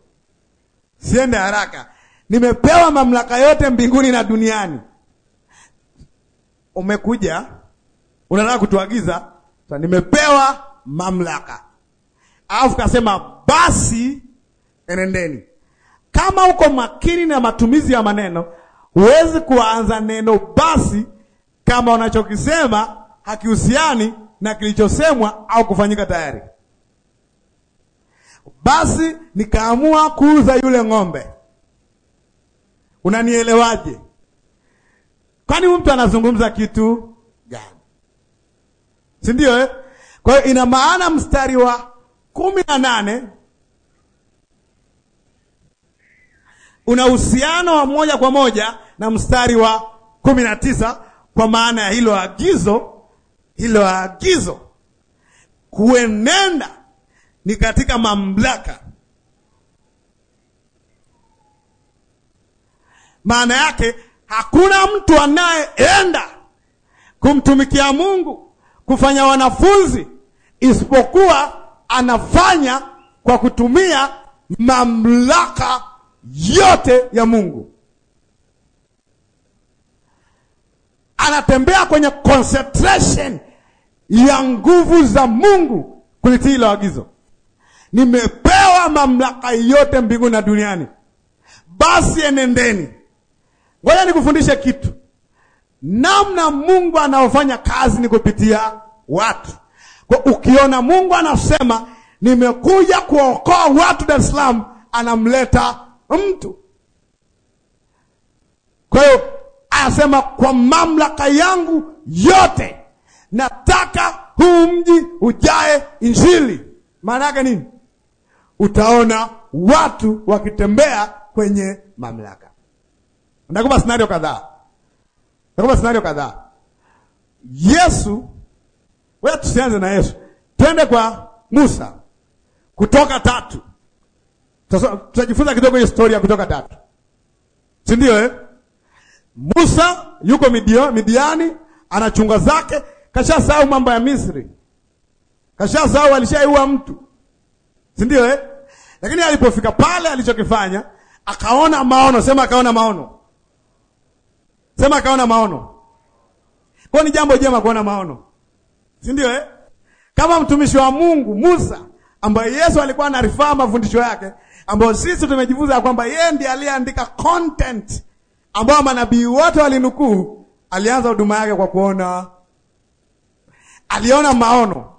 siende haraka. Nimepewa mamlaka yote mbinguni na duniani. Umekuja unataka kutuagiza, nimepewa mamlaka, alafu kasema basi enendeni. Kama uko makini na matumizi ya maneno, huwezi kuanza neno basi kama unachokisema hakihusiani na kilichosemwa au kufanyika tayari. Basi nikaamua kuuza yule ng'ombe. Unanielewaje? Kwani mtu anazungumza kitu gani? Si ndio eh? Kwa hiyo ina maana mstari wa kumi na nane una uhusiano wa moja kwa moja na mstari wa kumi na tisa kwa maana ya hilo agizo, hilo agizo kuenenda ni katika mamlaka. Maana yake hakuna mtu anayeenda kumtumikia Mungu kufanya wanafunzi isipokuwa anafanya kwa kutumia mamlaka yote ya Mungu. Anatembea kwenye concentration ya nguvu za Mungu kulitii hilo agizo nimepewa mamlaka yote mbinguni na duniani, basi enendeni. Ngoja nikufundishe kitu, namna Mungu anaofanya kazi ni kupitia watu. Kwa ukiona Mungu anasema nimekuja kuokoa watu Dar es Salaam, anamleta mtu. Kwa hiyo anasema kwa mamlaka yangu yote nataka huu mji ujae Injili. Maana yake nini? utaona watu wakitembea kwenye mamlaka. Ndakupa scenario kadhaa, ndakupa scenario kadhaa. Yesu, wewe, tusianze na Yesu, twende kwa Musa, Kutoka tatu. Tutajifunza kidogo historia Kutoka tatu, si ndio eh? Musa yuko Midio, Midiani anachunga zake, kashasahau mambo ya Misri, kashasahau alishaiua mtu si ndio eh? Lakini alipofika pale, alichokifanya akaona maono. Sema akaona maono, sema akaona maono. Kwa ni jambo jema kuona maono, si ndio eh? Kama mtumishi wa Mungu Musa ambaye Yesu alikuwa anarifaa mafundisho yake, ambayo sisi tumejifunza kwamba yeye ndiye aliyeandika content ambao manabii wote walinukuu. Alianza huduma yake kwa kuona, aliona maono.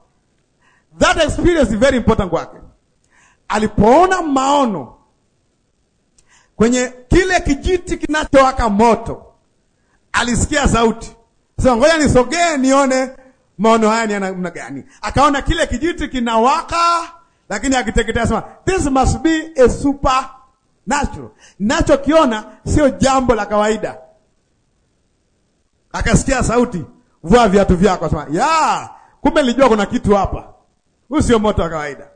That experience is very important kwake alipoona maono kwenye kile kijiti kinachowaka moto, alisikia sauti sema, ngoja nisogee nione maono haya ni namna gani. Akaona kile kijiti kinawaka, lakini akiteketea, sema this must be a super natural. Nachokiona sio jambo la kawaida. Akasikia sauti, vua viatu vyako. Sema ya, kumbe nilijua kuna kitu hapa, huu sio moto wa kawaida.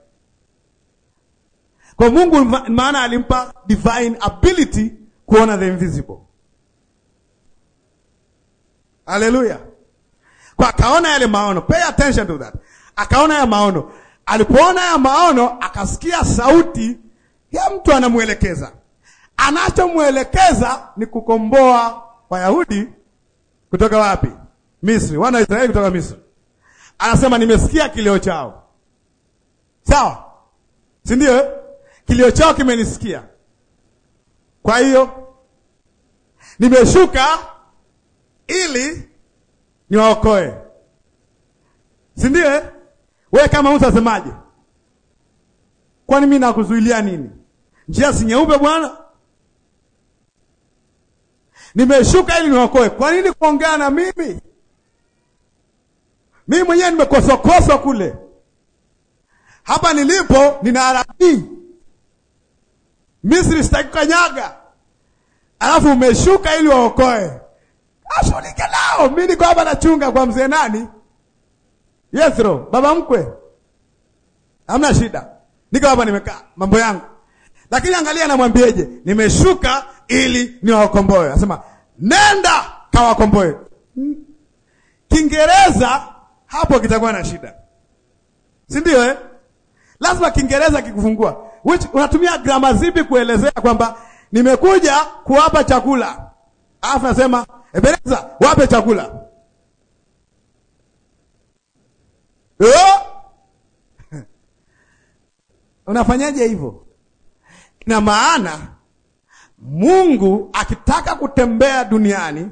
Kwa Mungu maana alimpa divine ability kuona the invisible. Hallelujah. Kwa akaona yale maono. Pay attention to that. Akaona ya maono. Alipoona ya maono akasikia sauti ya mtu anamwelekeza. Anachomwelekeza ni kukomboa Wayahudi kutoka wapi? Misri. Wana wa Israeli kutoka Misri. Anasema nimesikia kilio chao. Sawa? Si ndio? Eh? kilio chao kimenisikia, kwa hiyo nimeshuka ili niwaokoe, si ndiye? Eh? Wewe kama mtu asemaje? Kwani mimi nakuzuilia nini? Njia si nyeupe bwana? Nimeshuka ili niwaokoe. Kwa nini kuongea na mimi? Mimi mwenyewe nimekosokoswa kule, hapa nilipo nina Misri sitaki kukanyaga, alafu umeshuka ili waokoe. Ashughulike nao. Mimi niko hapa nachunga kwa mzee nani, Yethro baba mkwe, hamna shida, niko hapa nimekaa mambo yangu, lakini angalia, namwambieje? Nimeshuka ili niwakomboe. Anasema nenda kawakomboe. Kiingereza hapo kitakuwa na shida, si ndio eh? Lazima Kiingereza kikufungua Which, unatumia grama zipi kuelezea kwamba nimekuja kuwapa chakula, alafu nasema Ebeneza, wape chakula Unafanyaje hivyo? Ina maana Mungu akitaka kutembea duniani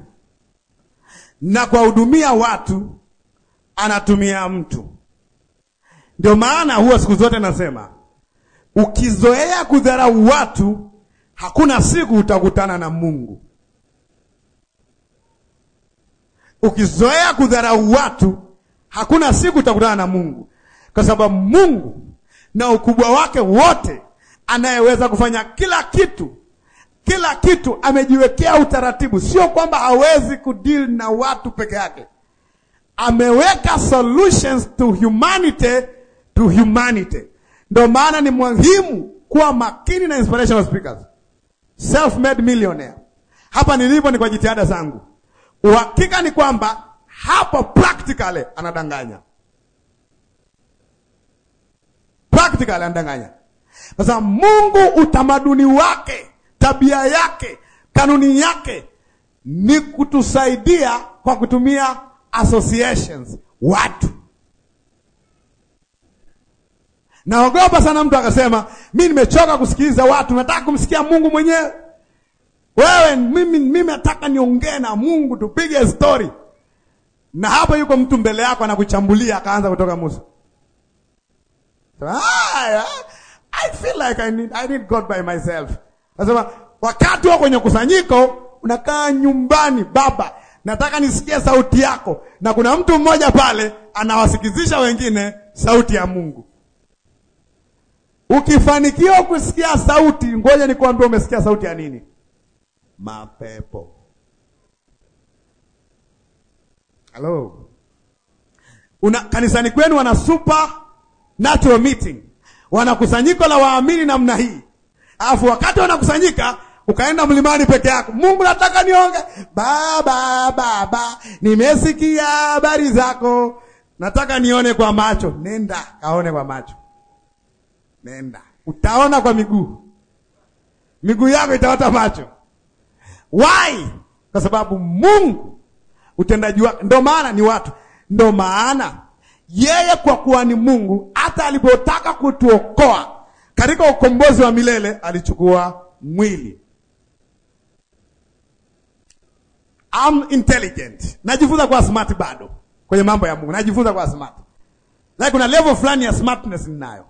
na kuwahudumia watu anatumia mtu. Ndio maana huwa siku zote nasema Ukizoea kudharau watu, hakuna siku utakutana na Mungu. Ukizoea kudharau watu, hakuna siku utakutana na Mungu, kwa sababu Mungu na ukubwa wake wote, anayeweza kufanya kila kitu kila kitu amejiwekea utaratibu. Sio kwamba hawezi kudeal na watu peke yake, ameweka solutions to humanity to humanity. Ndio maana ni muhimu kuwa makini na inspirational speakers. Self-made millionaire. Hapa nilipo ni kwa jitihada zangu. Uhakika ni kwamba hapo practically anadanganya. Practically anadanganya. Sasa Mungu utamaduni wake, tabia yake, kanuni yake ni kutusaidia kwa kutumia associations, watu Naogopa sana mtu akasema mimi nimechoka kusikiliza watu, nataka kumsikia Mungu mwenyewe. Wewe mimi mimi nataka niongee na Mungu, tupige story. Na hapo yuko mtu mbele yako anakuchambulia, akaanza kutoka Musa. I feel like I need I need God by myself. Nasema wakati wako kwenye kusanyiko unakaa nyumbani, baba, nataka nisikie sauti yako. Na kuna mtu mmoja pale anawasikizisha wengine sauti ya Mungu. Ukifanikiwa kusikia sauti, ngoja nikwambie, umesikia sauti ya nini? Mapepo. Hello. una kanisani kwenu wana super natural meeting, wana la waamini namna hii, alafu wakati wanakusanyika ukaenda mlimani peke yako. Mungu, nataka nionge. Baba, Baba, nimesikia habari zako, nataka nione kwa macho. Nenda kaone kwa macho Nenda, utaona kwa miguu, miguu yako itaota macho. Why? Kwa sababu Mungu utendaji wake, ndo maana ni watu, ndo maana yeye kwa kuwa ni Mungu, hata alipotaka kutuokoa katika ukombozi wa milele alichukua mwili. I'm intelligent, najifunza kwa smart bado kwenye mambo ya Mungu, najifunza kwa smart, lakini kuna level fulani ya smartness ninayo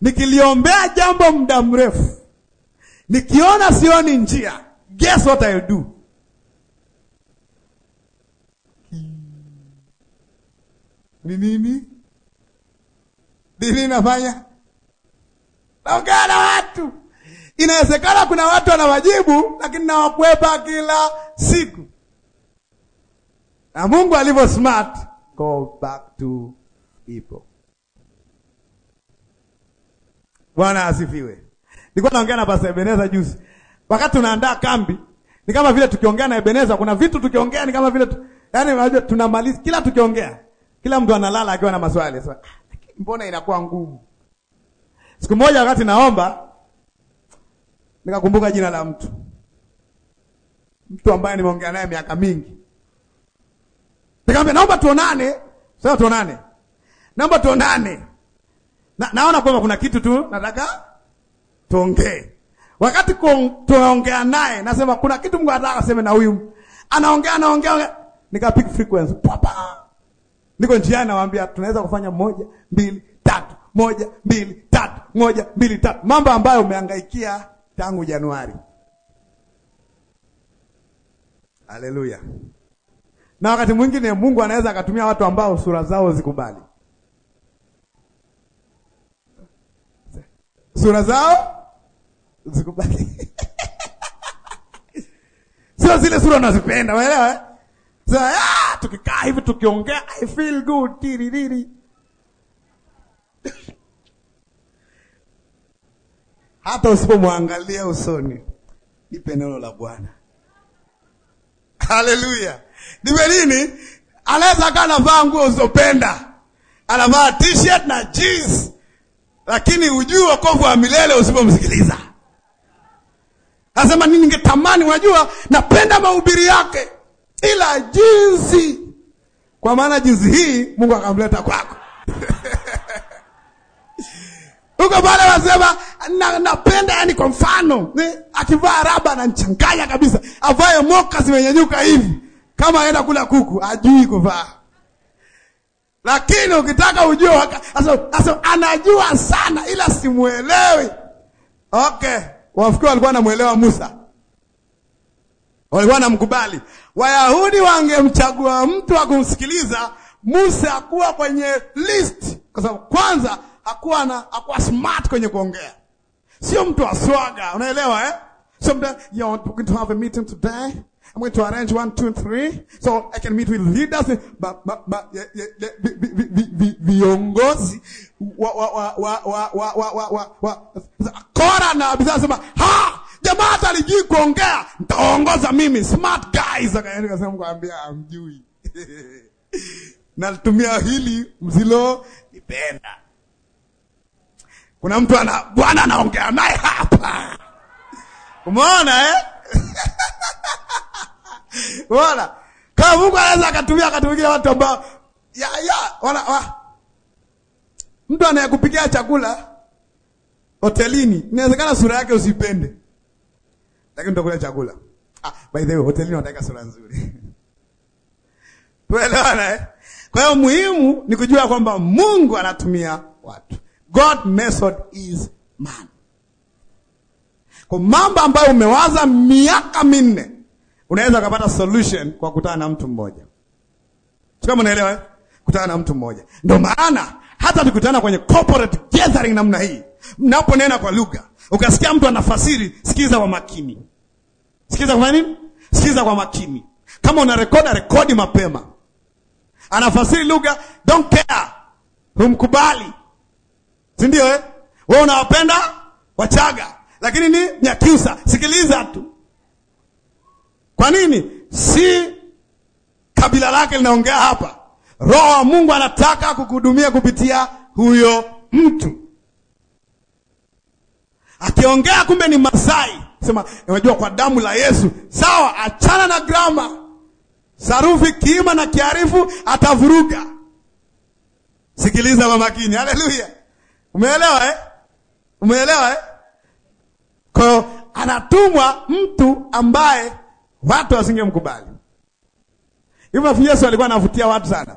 nikiliombea jambo muda mrefu, nikiona sioni njia, guess what I'll do? Ni nini dini inafanya? Naongea na watu. Inawezekana kuna watu wana majibu, lakini nawakwepa kila siku. Na Mungu alivyo smart, go back to people. Bwana asifiwe. Nilikuwa naongea na Pastor Ebeneza juzi. Wakati tunaandaa kambi, ni kama vile tukiongea na Ebeneza, kuna vitu tukiongea ni kama vile tu, yaani unajua tunamaliza kila tukiongea. Kila mtu analala akiwa na maswali. So, ah, mbona inakuwa ngumu? Siku moja wakati naomba nikakumbuka jina la mtu. Mtu ambaye nimeongea naye miaka mingi. Nikamwambia naomba tuonane. Sasa tuonane. Naomba tuonane na, naona kwamba kuna kitu tu nataka tuongee. Wakati tunaongea naye nasema kuna kitu Mungu anataka aseme na huyu. Anaongea anaongea nika pick frequency. Papa. Niko njiani nawaambia tunaweza kufanya moja, mbili, tatu. Moja, mbili, tatu. Moja, mbili, tatu. Mambo ambayo umehangaikia tangu Januari. Haleluya. Na wakati mwingine Mungu anaweza akatumia watu ambao sura zao zikubali. sura zao zikubali sio zile sura unazipenda, unaelewa eh? So, ah, tukikaa hivi tukiongea I feel good tiririri hata usipomwangalia usoni. Nipe neno la Bwana, haleluya. Nipe nini? Anaweza kaa anavaa nguo usizopenda, anavaa t-shirt na jeans lakini ujue wokovu wa milele usipomsikiliza. Anasema nini? Ningetamani, unajua, napenda mahubiri yake, ila jinsi, kwa maana jinsi hii Mungu akamleta kwako huko pale wasema na, napenda yani, kwa mfano akivaa raba ananichanganya kabisa, avae moka zimenyanyuka hivi, kama aenda kula kuku, ajui kuvaa lakini ukitaka ujue anajua sana, ila simuelewi. Okay, wafikiri walikuwa anamwelewa Musa, walikuwa anamkubali. Wayahudi wangemchagua mtu wa kumsikiliza Musa, akuwa kwenye list, kwa sababu kwanza hakuwa na hakuwa smart kwenye kuongea, sio mtu aswaga, unaelewa eh? so, mtu you want to have a meeting today I'm going to arrange one, two, three, so I can meet with leaders, viongozi wa, wa, wa, wa, wa, wa, wa, wa, wa, wa. Kora na sema ha jamaa hata kuongea, ntaongoza mimi, smart guys. Akasema kuambia amjui nalitumia hili mzilo nipenda. Kuna mtu ana bwana anaongea naye hapa, umeona eh? Unaona? Kama Mungu anaweza akatumia akatumikia watu ambao ya ya wana wa. Mtu anayekupikia chakula hotelini, inawezekana sura yake usipende. Lakini utakula chakula. Ah, by the way, hotelini wanataka sura nzuri. Tuelewana eh? Kwa hiyo muhimu ni kujua kwamba Mungu anatumia watu. God method is man. Kwa mambo ambayo umewaza miaka minne unaweza kupata solution kwa kutana na mtu mmoja. Sikama unaelewa, eh? kutana na mtu mmoja. Ndio maana hata tukutana kwenye corporate gathering namna hii, mnaponena kwa lugha, ukasikia mtu anafasiri, sikiza kwa makini. Sikiza kwa nini? Sikiza kwa makini. Kama una rekoda, rekodi mapema. Anafasiri lugha, don't care. Humkubali. Si ndio eh? Wewe unawapenda Wachaga lakini ni mia tisa. Sikiliza tu, kwa nini? Si kabila lake linaongea hapa. Roho wa Mungu anataka kukuhudumia kupitia huyo mtu akiongea, kumbe ni Masai. Sema unajua kwa damu la Yesu. Sawa, achana na grama, sarufi, kiima na kiarifu, atavuruga. Sikiliza kwa makini. Haleluya! Umeelewa eh? Umeelewa eh? Kwa hiyo anatumwa mtu ambaye watu wasingemkubali. Hivyo Yesu alikuwa anavutia watu sana.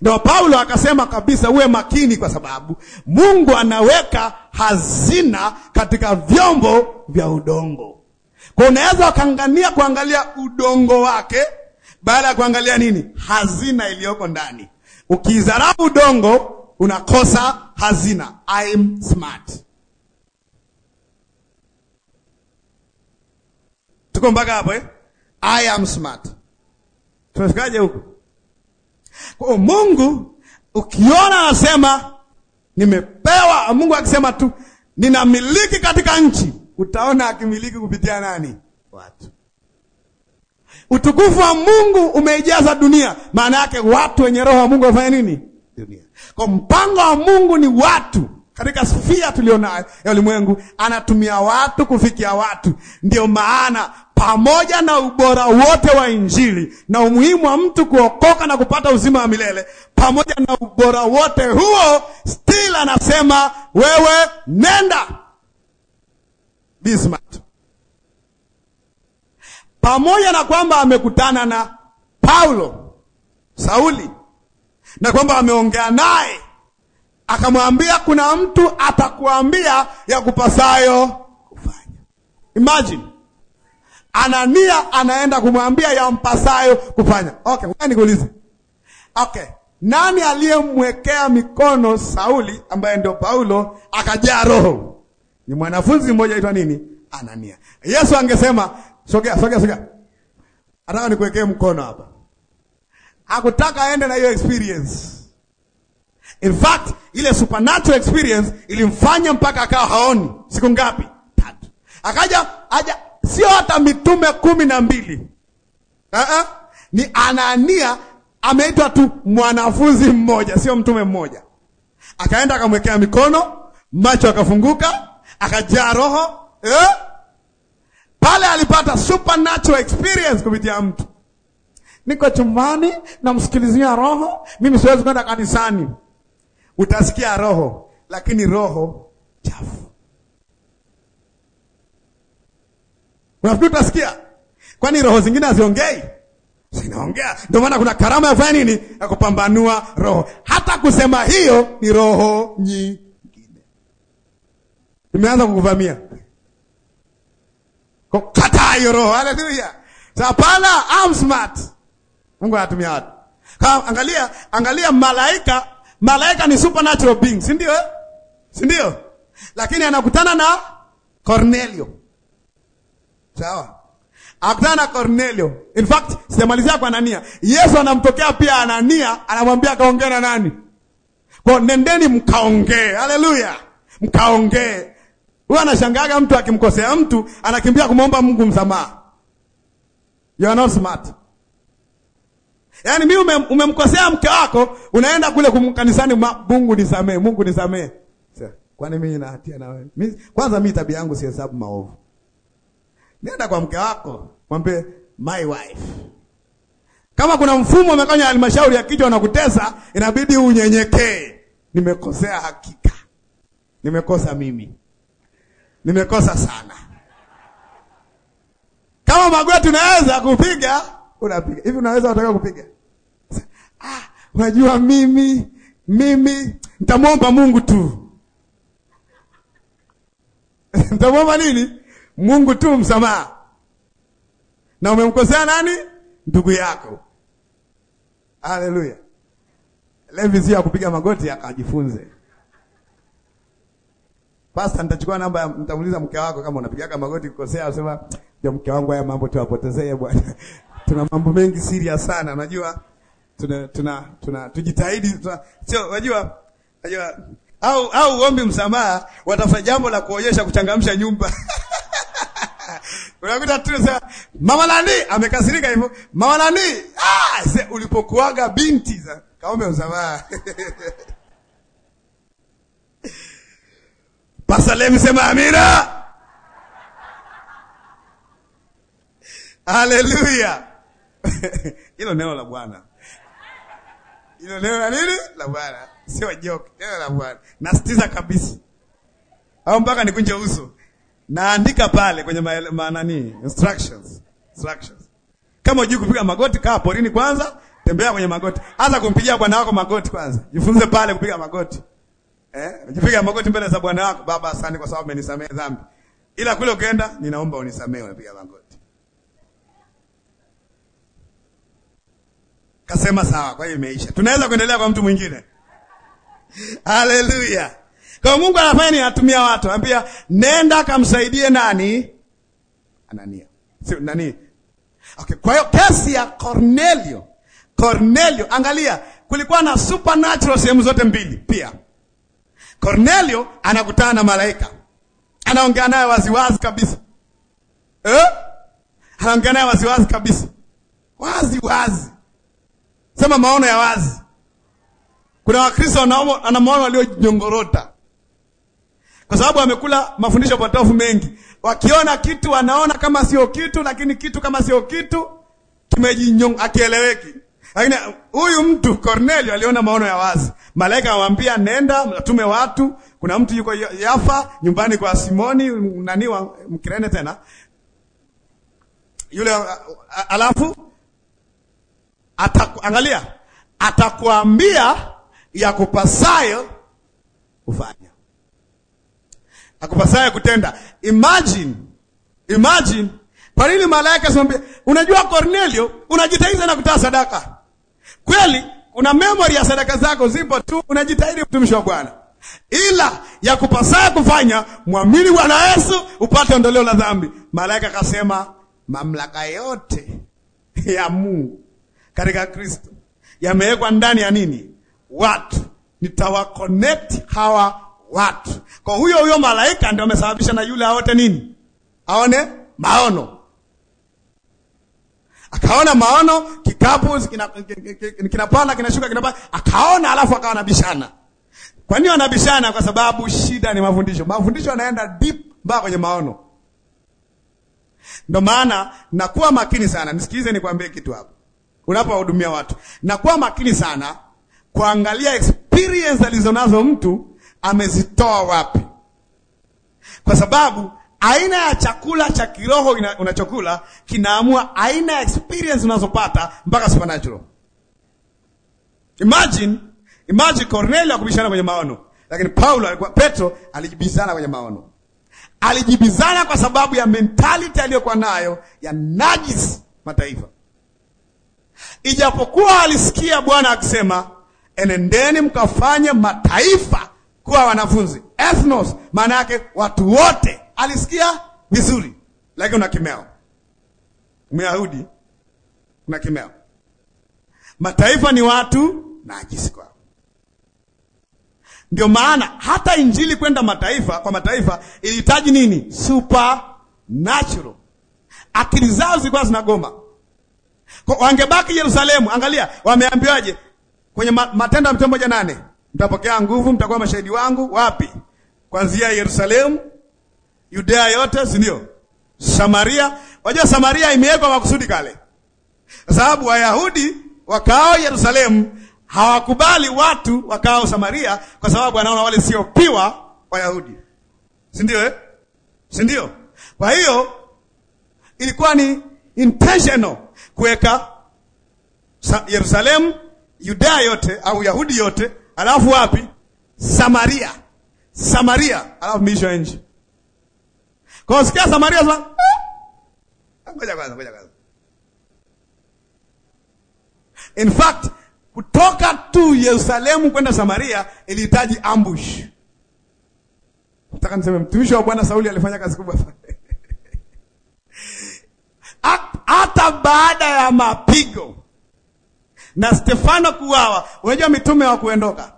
Ndio Paulo akasema kabisa, uwe makini, kwa sababu Mungu anaweka hazina katika vyombo vya udongo. Kwa unaweza wakangania kuangalia udongo wake baada ya kuangalia nini, hazina iliyoko ndani. Ukizarau udongo unakosa hazina. I'm smart. Tuko mpaka hapo eh? I am smart. Tumefikaje huko? Kwa Mungu ukiona anasema nimepewa, Mungu akisema tu ninamiliki katika nchi, utaona akimiliki kupitia nani? Watu. Utukufu wa Mungu umeijaza dunia, maana yake watu wenye roho wa Mungu wafanya nini? Dunia. Kwa mpango wa Mungu ni watu katika safia tulionayo ya ulimwengu, anatumia watu kufikia watu. Ndio maana pamoja na ubora wote wa Injili na umuhimu wa mtu kuokoka na kupata uzima wa milele, pamoja na ubora wote huo, still anasema wewe nenda. Bismarck. Pamoja na kwamba amekutana na Paulo, Sauli na kwamba ameongea naye akamwambia, kuna mtu atakuambia ya kupasayo kufanya. Imagine Anania anaenda kumwambia yampasayo kufanya. Okay, nikuulize, okay, nani aliyemwekea mikono Sauli ambaye ndio Paulo akajaa Roho? Ni mwanafunzi mmoja aitwa nini? Anania. Yesu angesema sogea, sogea, sogea, nataka nikuwekee mkono hapa hakutaka aende na hiyo experience. In fact, ile supernatural experience ilimfanya mpaka akawa haoni siku ngapi? Tatu. Akaja aja sio hata mitume kumi na mbili. Uh -uh. Ni Anania ameitwa tu mwanafunzi mmoja, sio mtume mmoja. Akaenda akamwekea mikono, macho akafunguka, akajaa roho. Eh? Pale alipata supernatural experience kupitia mtu niko chumbani namsikilizia roho, mimi siwezi kwenda kanisani. Utasikia roho, lakini roho chafu. Unafikiri utasikia? Kwani roho zingine haziongei? Zinaongea. Ndio maana kuna karama ya kufanya nini? Ya kupambanua roho. Hata kusema hiyo ni roho nyingine. Imeanza kukuvamia. Kataa hiyo roho. Haleluya. Sapana, I'm smart. Mungu anatumia watu. Kama angalia, angalia malaika, malaika ni supernatural beings, si ndio? Eh? Si ndio? Lakini anakutana na Cornelio. Sawa? Akutana na Cornelio. In fact, sijamalizia kwa Anania. Yesu anamtokea pia Anania, anamwambia kaongea na nani? Kwa nendeni mkaongee. Haleluya. Mkaongee. Huyo anashangaga mtu akimkosea mtu, anakimbia kumwomba Mungu msamaha. You are not smart. Yaani mimi ume, umemkosea mke wako, unaenda kule kumkanisani, Mungu nisamee, Mungu nisamee. Kwani mimi nina hatia na wewe? Mimi kwanza, mimi tabia yangu si hesabu maovu. Nenda kwa mke wako, mwambie my wife. Kama kuna mfumo umekanya halmashauri ya kichwa unakutesa, inabidi unyenyekee. Nimekosea hakika. Nimekosa mimi. Nimekosa sana. Kama magoti unaweza kupiga unapiga hivi, unaweza unataka kupiga ah, unajua mimi mimi nitamwomba Mungu tu nitamwomba nini? Mungu tu msamaha. Na umemkosea nani? Ndugu yako. Haleluya! Levi sio kupiga magoti, akajifunze Pasta, nitachukua namba, nitamuuliza mke wako kama unapigaga magoti kukosea, usema ndio mke wangu, haya mambo tuwapotezee bwana tuna mambo mengi serious sana unajua tuna tuna, tuna tujitahidi sio unajua unajua au au ombi msamaha watafanya jambo la kuonyesha kuchangamsha nyumba unakuta tu sasa mama nani amekasirika hivyo mama nani ah se, ulipokuaga binti za kaombe msamaha Pasalem sema amira Hallelujah. hilo neno la Bwana, hilo neno la nini la Bwana, sio joke, neno la Bwana. Nasitiza kabisa, au mpaka nikunje uso. Naandika pale kwenye maanani instructions, instructions. Kama hujui kupiga magoti, kaa porini kwanza, tembea kwenye magoti, anza kumpigia bwana wako magoti kwanza, jifunze pale kupiga magoti eh? Jipiga magoti mbele za bwana wako, Baba, asante kwa sababu umenisamehe dhambi, ila kule ukienda, ninaomba unisamehe, unapiga magoti Kasema sawa, kwa hiyo imeisha. Tunaweza kuendelea kwa mtu mwingine. Haleluya. Kwa Mungu anafanya ni atumia watu. Anambia nenda kamsaidie nani? Anania. Si nani? Okay, kwa hiyo kesi ya Cornelio. Cornelio, angalia, kulikuwa na supernatural sehemu zote mbili pia. Cornelio anakutana na malaika. Anaongea naye waziwazi kabisa. Eh? Anaongea naye waziwazi kabisa. Wazi wazi. Sema maono ya wazi. Kuna Wakristo ana maono waliojongorota kwa sababu wamekula mafundisho potofu mengi. Wakiona kitu wanaona kama sio kitu, lakini kitu kama sio kitu kimejinyong, akieleweki. Lakini huyu mtu Cornelio aliona maono ya wazi. Malaika amwambia nenda, mtume watu, kuna mtu yuko Yafa nyumbani kwa Simoni nani wa Mkirene tena yule, alafu Ataku, angalia atakuambia ya kupasayo ufanya, akupasayo kutenda. Imagine, imagine kwa nini malaika asimwambia, unajua Cornelio, unajitahidi sana kutoa sadaka kweli, una memory ya sadaka zako zipo tu, unajitahidi mtumishi wa Bwana, ila ya kupasaa kufanya, mwamini Bwana Yesu upate ondoleo la dhambi. Malaika akasema, mamlaka yote ya Mungu katika Kristo yamewekwa ndani ya nini? Watu. nitawa connect hawa watu kwa huyo huyo malaika, ndio amesababisha na yule aote nini, aone maono. Akaona maono, kikapu kinapanda kinashuka, kinapanda, akaona, alafu akawa anabishana. Kwa nini wanabishana? Kwa sababu shida ni mafundisho. Mafundisho yanaenda deep mpaka kwenye maono. Ndio maana nakuwa makini sana, nisikilize, nikwambie kitu hapo unapowahudumia watu, na kuwa makini sana kuangalia experience alizonazo mtu amezitoa wapi, kwa sababu aina ya chakula cha kiroho unachokula kinaamua aina ya experience unazopata mpaka supernatural. Imagine, imagine Cornelio akubishana kwenye maono, lakini Paulo alikuwa, Petro alijibizana kwenye maono, alijibizana kwa sababu ya mentality aliyokuwa nayo ya najis mataifa. Ijapokuwa alisikia Bwana akisema, enendeni mkafanye mataifa kuwa wanafunzi, ethnos, maana yake watu wote. Alisikia vizuri, lakini una kimeo. Myahudi una kimeo, mataifa ni watu najisi kwao. Ndio maana hata injili kwenda mataifa kwa mataifa ilihitaji nini? Supernatural. Akili zao zilikuwa zinagoma. Wangebaki Yerusalemu. Angalia, wameambiwaje kwenye Matendo ya Mitume moja nane, mtapokea nguvu, mtakuwa mashahidi wangu wapi? Kwanzia Yerusalemu, yudea yote, si ndio? Samaria. Wajua Samaria imewekwa makusudi kale, kwa sababu Wayahudi wakao Yerusalemu hawakubali watu wakao Samaria, kwa sababu anaona wale sio piwa Wayahudi, si ndio eh? Si ndio? Kwa hiyo ilikuwa ni intentional kuweka Yerusalemu, Yudea yote au Yahudi yote, alafu wapi? Samaria, Samaria, alafu miisho ya nchi. Kwa sikia Samaria sasa. Ah! Ngoja kwanza, ngoja kwanza. In fact, kutoka tu Yerusalemu kwenda Samaria ilihitaji ambush. Nataka niseme mtumishi wa Bwana Sauli alifanya kazi kubwa sana hata baada ya mapigo na Stefano kuuawa. Unajua mitume wa kuendoka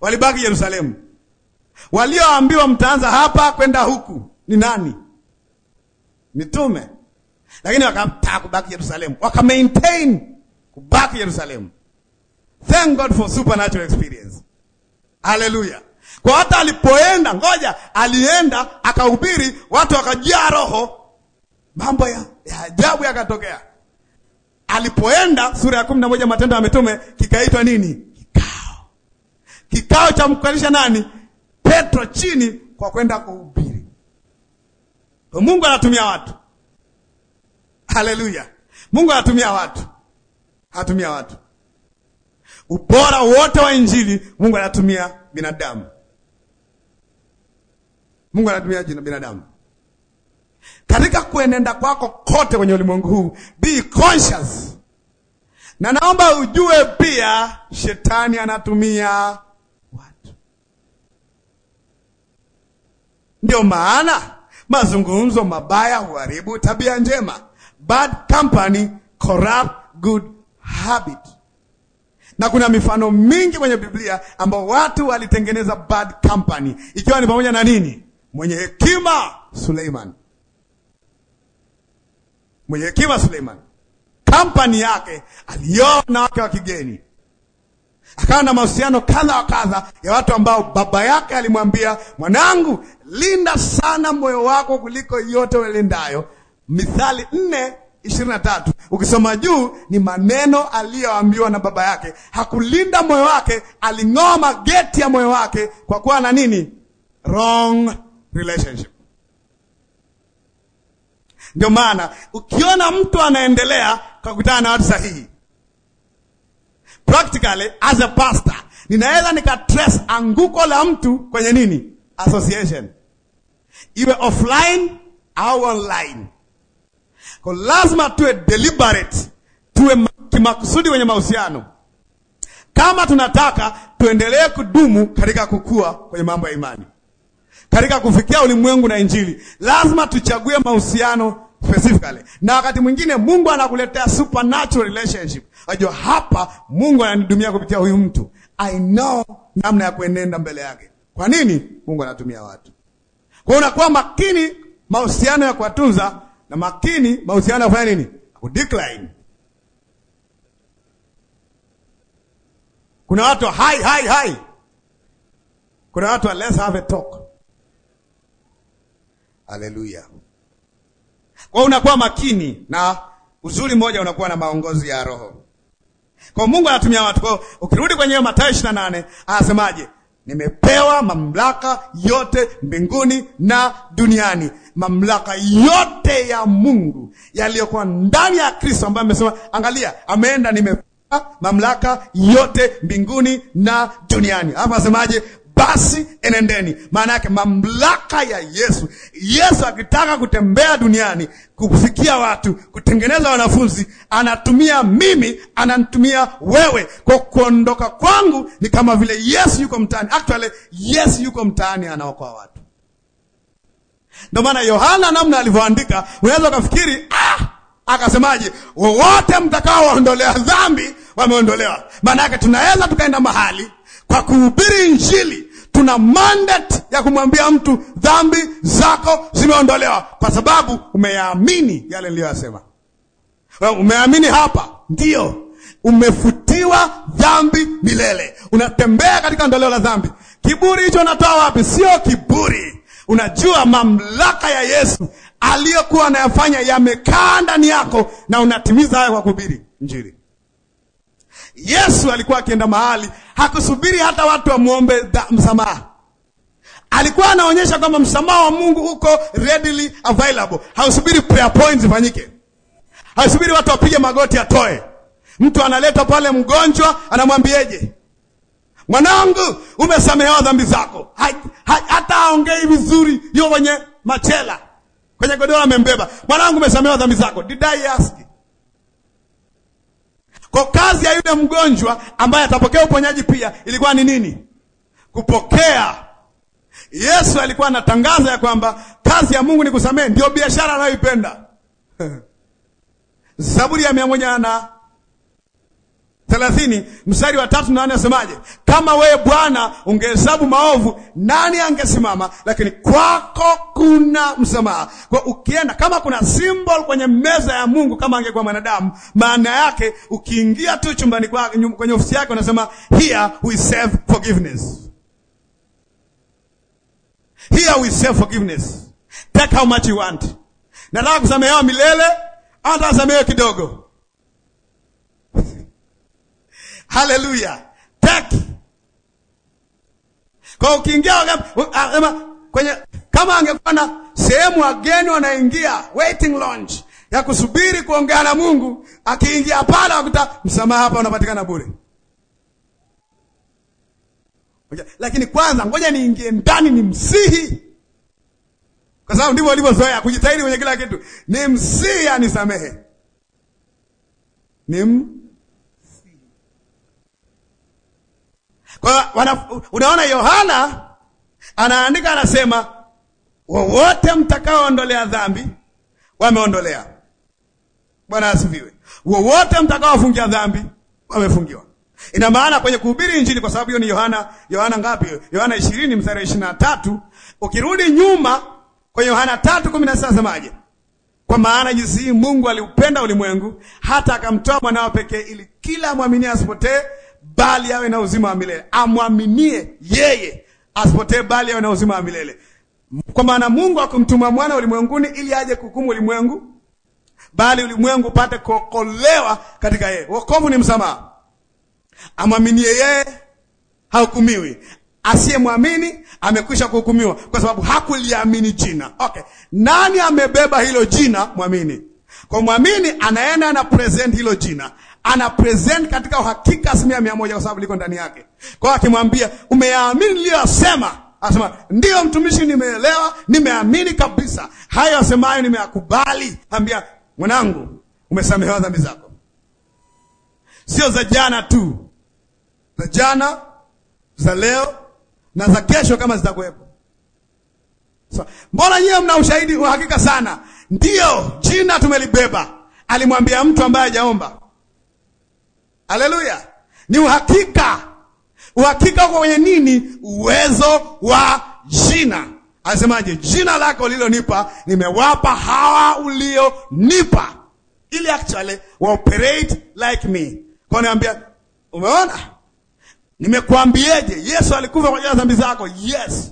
walibaki Yerusalemu, walioambiwa mtaanza hapa kwenda huku ni nani? Mitume. Lakini wakataka kubaki Yerusalemu, waka maintain kubaki Yerusalemu. Thank God for supernatural experience. Haleluya! Kwa hata alipoenda, ngoja, alienda akahubiri, watu wakajaa Roho mambo ya ajabu ya yakatokea. Alipoenda sura ya kumi na moja Matendo ya Mitume, kikaitwa nini? Kikao, kikao cha mkalisha nani? Petro chini kwa kwenda kuhubiri. Mungu anatumia watu, haleluya! Mungu anatumia watu, anatumia watu. Ubora wote wa Injili, Mungu anatumia binadamu, Mungu anatumia binadamu kuenenda kwako kote kwenye ulimwengu huu. Be conscious. Na naomba ujue pia shetani anatumia watu. Ndio maana mazungumzo mabaya huharibu tabia njema. Bad company corrupt good habit. Na kuna mifano mingi kwenye Biblia ambao watu walitengeneza bad company, ikiwa ni pamoja na nini? Mwenye hekima Suleiman mwenye hekima Suleiman kampani yake alioa wanawake wa kigeni, akawa na mahusiano kadha wa kadha ya watu ambao baba yake alimwambia, mwanangu, linda sana moyo wako kuliko yote ulindayo. Mithali nne ishirini na tatu. Ukisoma juu ni maneno aliyoambiwa na baba yake. Hakulinda moyo wake, aling'oa mageti ya moyo wake kwa kuwa na nini? Wrong relationship. Ndio maana ukiona mtu anaendelea kwa kukutana na watu sahihi, practically as a pastor, ninaweza trace anguko la mtu kwenye nini, association, iwe offline au online. Kwa lazima tuwe deliberate, tuwe kimakusudi wenye mahusiano kama tunataka tuendelee kudumu katika kukua kwenye mambo ya imani, katika kufikia ulimwengu na Injili, lazima tuchague mahusiano specifically. Na wakati mwingine Mungu anakuletea supernatural relationship. Unajua hapa Mungu ananidumia kupitia huyu mtu. I know namna ya kuenenda mbele yake. Kwa nini Mungu anatumia watu? Kwa unakuwa makini mahusiano ya kuwatunza na makini mahusiano ya kufanya nini? decline. Kuna watu hai hai hai. Kuna watu let's have a talk. Hallelujah. Kwa unakuwa makini na uzuri mmoja, unakuwa na maongozi ya Roho. Kwa Mungu anatumia watu. Kwa ukirudi kwenye Mathayo 28 anasemaje? Nimepewa mamlaka yote mbinguni na duniani. Mamlaka yote ya Mungu yaliyokuwa ndani ya Kristo, ambaye amesema, angalia, ameenda, nimepewa mamlaka yote mbinguni na duniani. Hapa anasemaje? basi enendeni. Maana yake mamlaka ya Yesu. Yesu akitaka kutembea duniani, kufikia watu, kutengeneza wanafunzi, anatumia mimi, anatumia wewe. Kwa kuondoka kwangu ni kama vile Yesu yuko mtaani. Actually, Yesu yuko mtaani, anaokoa watu. Ndio maana Yohana, namna alivyoandika, unaweza ukafikiri ah, akasemaje, wowote waondolea dhambi wameondolewa. Maana yake tunaweza tukaenda mahali kwa kuhubiri Injili tuna mandate ya kumwambia mtu dhambi zako zimeondolewa, kwa sababu umeyaamini yale niliyoyasema. Umeamini hapa, ndio umefutiwa dhambi milele, unatembea katika ondoleo la dhambi. Kiburi hicho unatoa wapi? Sio kiburi. Unajua mamlaka ya Yesu aliyokuwa anayafanya yamekaa ndani yako, na unatimiza hayo kwa kuhubiri Injili. Yesu alikuwa akienda mahali, hakusubiri hata watu wamwombe msamaha. Alikuwa anaonyesha kwamba msamaha wa Mungu uko readily available. Hausubiri prayer points zifanyike, hausubiri watu wapige magoti atoe. Mtu analeta pale mgonjwa, anamwambieje? Mwanangu, umesamehewa dhambi zako. hata aongei vizuri, yo kwenye machela, kwenye godoro amembeba. Mwanangu, umesamehewa dhambi zako. Did I ask? Kwa kazi ya yule mgonjwa ambaye atapokea uponyaji pia ilikuwa ni nini? Kupokea. Yesu alikuwa anatangaza ya kwamba kazi ya Mungu ni kusamehe, ndio biashara anayoipenda. Zaburi ya mia moja na thelathini mstari wa tatu na nne asemaje? Kama wewe Bwana ungehesabu maovu, nani angesimama? Lakini kwako kuna msamaha. Kwa ukienda, kama kuna symbol kwenye meza ya Mungu, kama angekuwa mwanadamu, maana yake ukiingia tu chumbani kwake, kwenye ofisi yake, unasema here we serve forgiveness, here we serve forgiveness, take how much you want. Nataka kusamehewa milele, hata samehewe kidogo Haleluya, take kwa ukiingia wakasema ah, kwenye, kama angekuwa na sehemu wageni wanaingia waiting lounge ya kusubiri kuongea na Mungu, akiingia pale wakuta msamaha hapa unapatikana bure. Lakini kwanza ngoja niingie ndani ni msihi, kwa sababu ndivyo alivyozoea kujitahidi kwenye kila kitu, ni msihi anisamehe, ni Kwa unaona, Yohana anaandika anasema, wowote mtakaoondolea dhambi wameondolea. Bwana asifiwe. Wowote mtakaofungia dhambi wamefungiwa. Ina maana kwenye kuhubiri Injili, kwa sababu hiyo ni Yohana. Yohana ngapi? Yohana 20 mstari ishirini na tatu. Ukirudi nyuma kwenye Yohana tatu kumi na sita asemaje? Kwa maana jinsi hii Mungu aliupenda ulimwengu hata akamtoa mwanao pekee, ili kila mwaminia asipotee, bali awe na uzima wa milele. Amwaminie yeye asipotee, bali awe na uzima wa milele. Kwa maana Mungu akumtuma mwana ulimwenguni ili aje kuhukumu ulimwengu, bali ulimwengu upate kuokolewa katika yeye. Wokovu ni msamaha. Amwaminie yeye hahukumiwi, asiyemwamini amekwisha kuhukumiwa kwa sababu hakuliamini jina. Okay, nani amebeba hilo jina? Mwamini. Kwa mwamini anaenda na present hilo jina ana present katika uhakika asilimia mia moja kwa sababu liko ndani yake. Kwa hiyo akimwambia umeyaamini niliyoyasema, anasema ndiyo mtumishi, nimeelewa, nimeamini kabisa hayo asemayo, nimeyakubali. Ambia mwanangu, umesamehewa dhambi zako, sio za jana tu, za jana, za leo na za kesho, kama zitakuwepo. So, mbona nyiwe mna ushahidi wa hakika sana? Ndiyo, jina tumelibeba, alimwambia mtu ambaye hajaomba Haleluya! Ni uhakika. Uhakika kwa wenye nini? Uwezo wa jina. Anasemaje? Jina lako lilonipa nimewapa hawa ulionipa, ili actually wa operate like me. Kwa niambia, umeona nimekuambieje? Yesu alikufa kwa ajili ya dhambi zako. Yes,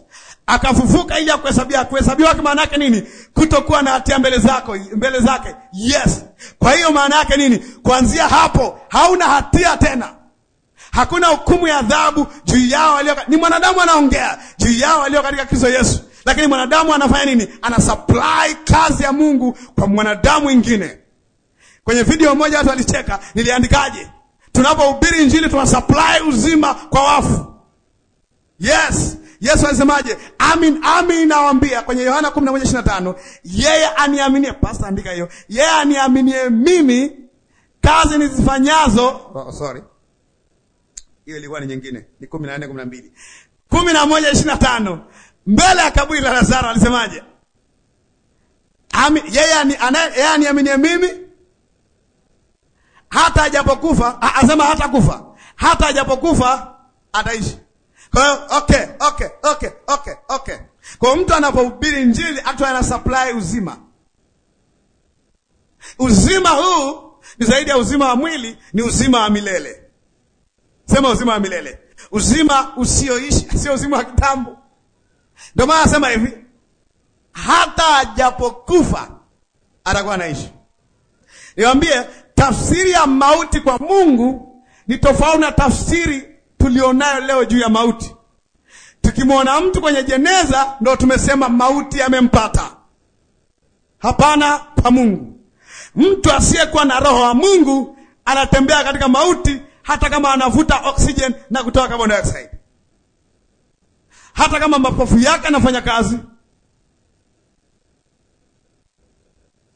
akafufuka ili akuhesabia. Kuhesabiwa maana yake nini? Kutokuwa na hatia mbele zako, mbele zake. Yes. Kwa hiyo maana yake nini? Kuanzia hapo hauna hatia tena, hakuna hukumu ya adhabu juu yao walio. Ni mwanadamu anaongea juu yao walio katika Kristo Yesu, lakini mwanadamu anafanya nini? Ana supply kazi ya Mungu kwa mwanadamu mwingine. Kwenye video moja watu walicheka, niliandikaje? Tunapohubiri Injili supply uzima kwa wafu. Yes, Yesu alisemaje? Amin, amin nawaambia kwenye Yohana 11:25, yeye aniaminie, pastor andika hiyo, yeye aniaminie mimi, kazi nizifanyazo, oh, sorry, hiyo ilikuwa ni nyingine, ni 14:12, 11:25, mbele ya kaburi la Lazaro alisemaje? Amin, yeye aniaminie mimi hata ajapokufa, asema hata kufa, hata ajapokufa ataishi kwa hiyo okay, okay, okay, okay, okay. Kwa mtu anapohubiri Injili atu ana supply uzima. Uzima huu ni zaidi ya uzima wa mwili, ni uzima wa milele. Sema uzima wa milele, uzima usioishi, sio uzima wa kitambo. Ndio maana nasema hivi, hata ajapokufa atakuwa anaishi. Niwaambie, tafsiri ya mauti kwa Mungu ni tofauti na tafsiri tulionayo leo juu ya mauti. Tukimwona mtu kwenye jeneza, ndo tumesema mauti amempata. Hapana, kwa Mungu. Mtu asiyekuwa na roho wa Mungu anatembea katika mauti, hata kama anavuta oxygen na kutoa carbon dioxide, hata kama mapafu yake anafanya kazi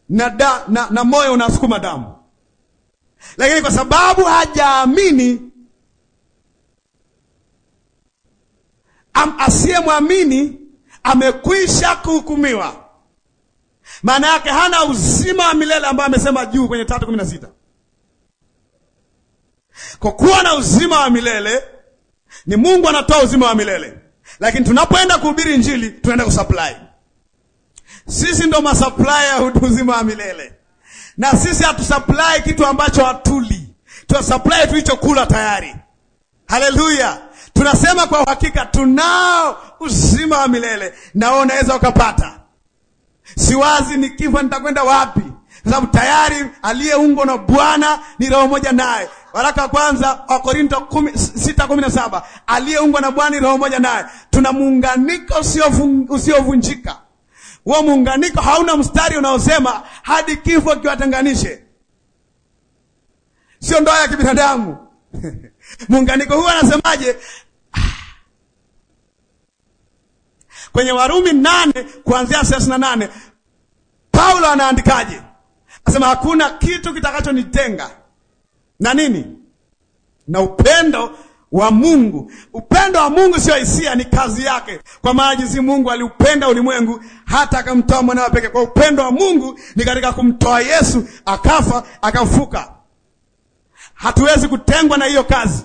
na, da, na, na moyo unasukuma damu, lakini kwa sababu hajaamini asiyemwamini amekwisha kuhukumiwa. Maana yake hana uzima wa milele ambayo amesema juu kwenye tatu kumi na sita. Kwa kuwa na uzima wa milele ni Mungu anatoa uzima wa milele, lakini tunapoenda kuhubiri Injili tunaenda kusupply. Sisi ndo masupply ya uzima wa milele, na sisi hatusupply kitu ambacho hatuli, tunasupply tulichokula tayari. Haleluya! tunasema kwa uhakika tunao uzima wa milele, na wewe unaweza ukapata. Siwazi ni kifo, nitakwenda wapi? Kwa sababu tayari aliyeungwa na Bwana ni roho moja naye. Waraka wa kwanza wa Korinto 6:17, aliyeungwa na Bwana ni roho moja naye. Tuna muunganiko usiovunjika. Huo muunganiko hauna mstari unaosema hadi kifo kiwatenganishe. Sio ndoa ya kibinadamu. Muunganiko huu anasemaje? kwenye Warumi nane kuanzia thelathini na nane Paulo anaandikaje? Anasema hakuna kitu kitakachonitenga na nini na upendo wa Mungu. Upendo wa Mungu sio hisia, ni kazi yake. Kwa maana jinsi Mungu aliupenda ulimwengu hata akamtoa mwanawe pekee. Kwa upendo wa Mungu ni katika kumtoa Yesu, akafa akafuka. Hatuwezi kutengwa na hiyo kazi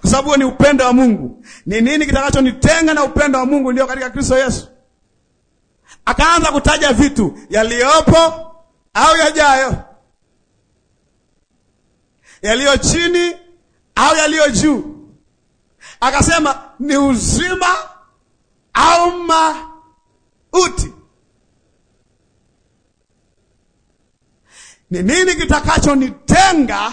kwa sababu huo ni upendo wa Mungu. Ni nini kitakachonitenga na upendo wa Mungu ndio katika Kristo Yesu? Akaanza kutaja vitu yaliyopo au yajayo, yaliyo chini au yaliyo juu. Akasema ni uzima au mauti. Ni nini kitakachonitenga?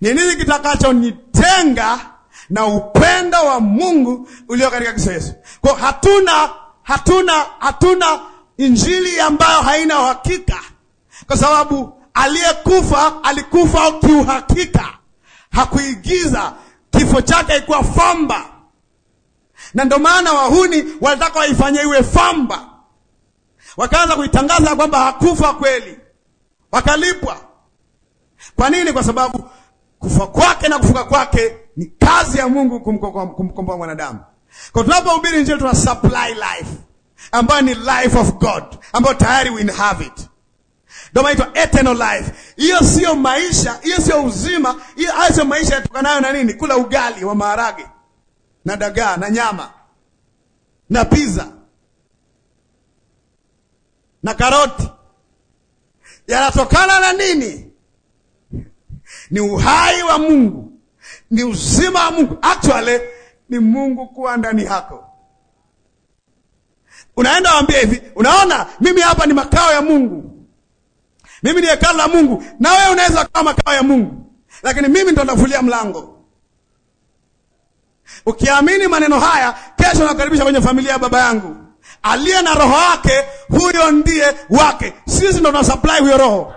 Ni nini kitakachonitenga na upendo wa Mungu ulio katika Kristo Yesu. Kwa hatuna hatuna hatuna injili ambayo haina uhakika, kwa sababu aliyekufa alikufa kiuhakika, hakuigiza. Kifo chake ikuwa famba, na ndio maana wahuni walitaka waifanye iwe famba, wakaanza kuitangaza kwamba hakufa kweli, wakalipwa. Kwa nini? Kwa sababu kufa kwake na kufuka kwake ni kazi ya Mungu kumkomboa mwanadamu. Kwa tunapohubiri Injili tuna supply life ambayo ni life of God ambayo tayari we inhabit, ndio maana eternal life. Hiyo sio maisha, hiyo sio uzima, hiyo sio maisha yatokanayo na nini? Kula ugali wa maharage na dagaa na nyama na pizza na karoti, yanatokana na nini? ni uhai wa Mungu, ni uzima wa Mungu. Actually ni Mungu kuwa ndani yako. Unaenda wambia hivi, unaona mimi hapa ni makao ya Mungu, mimi ni hekalu la Mungu, na wewe unaweza kuwa makao ya Mungu, lakini mimi ndo nafulia mlango. Ukiamini maneno haya, kesho nakaribisha kwenye familia ya baba yangu aliye na roho yake, huyo ndiye wake. Sisi ndo tunasupply huyo roho.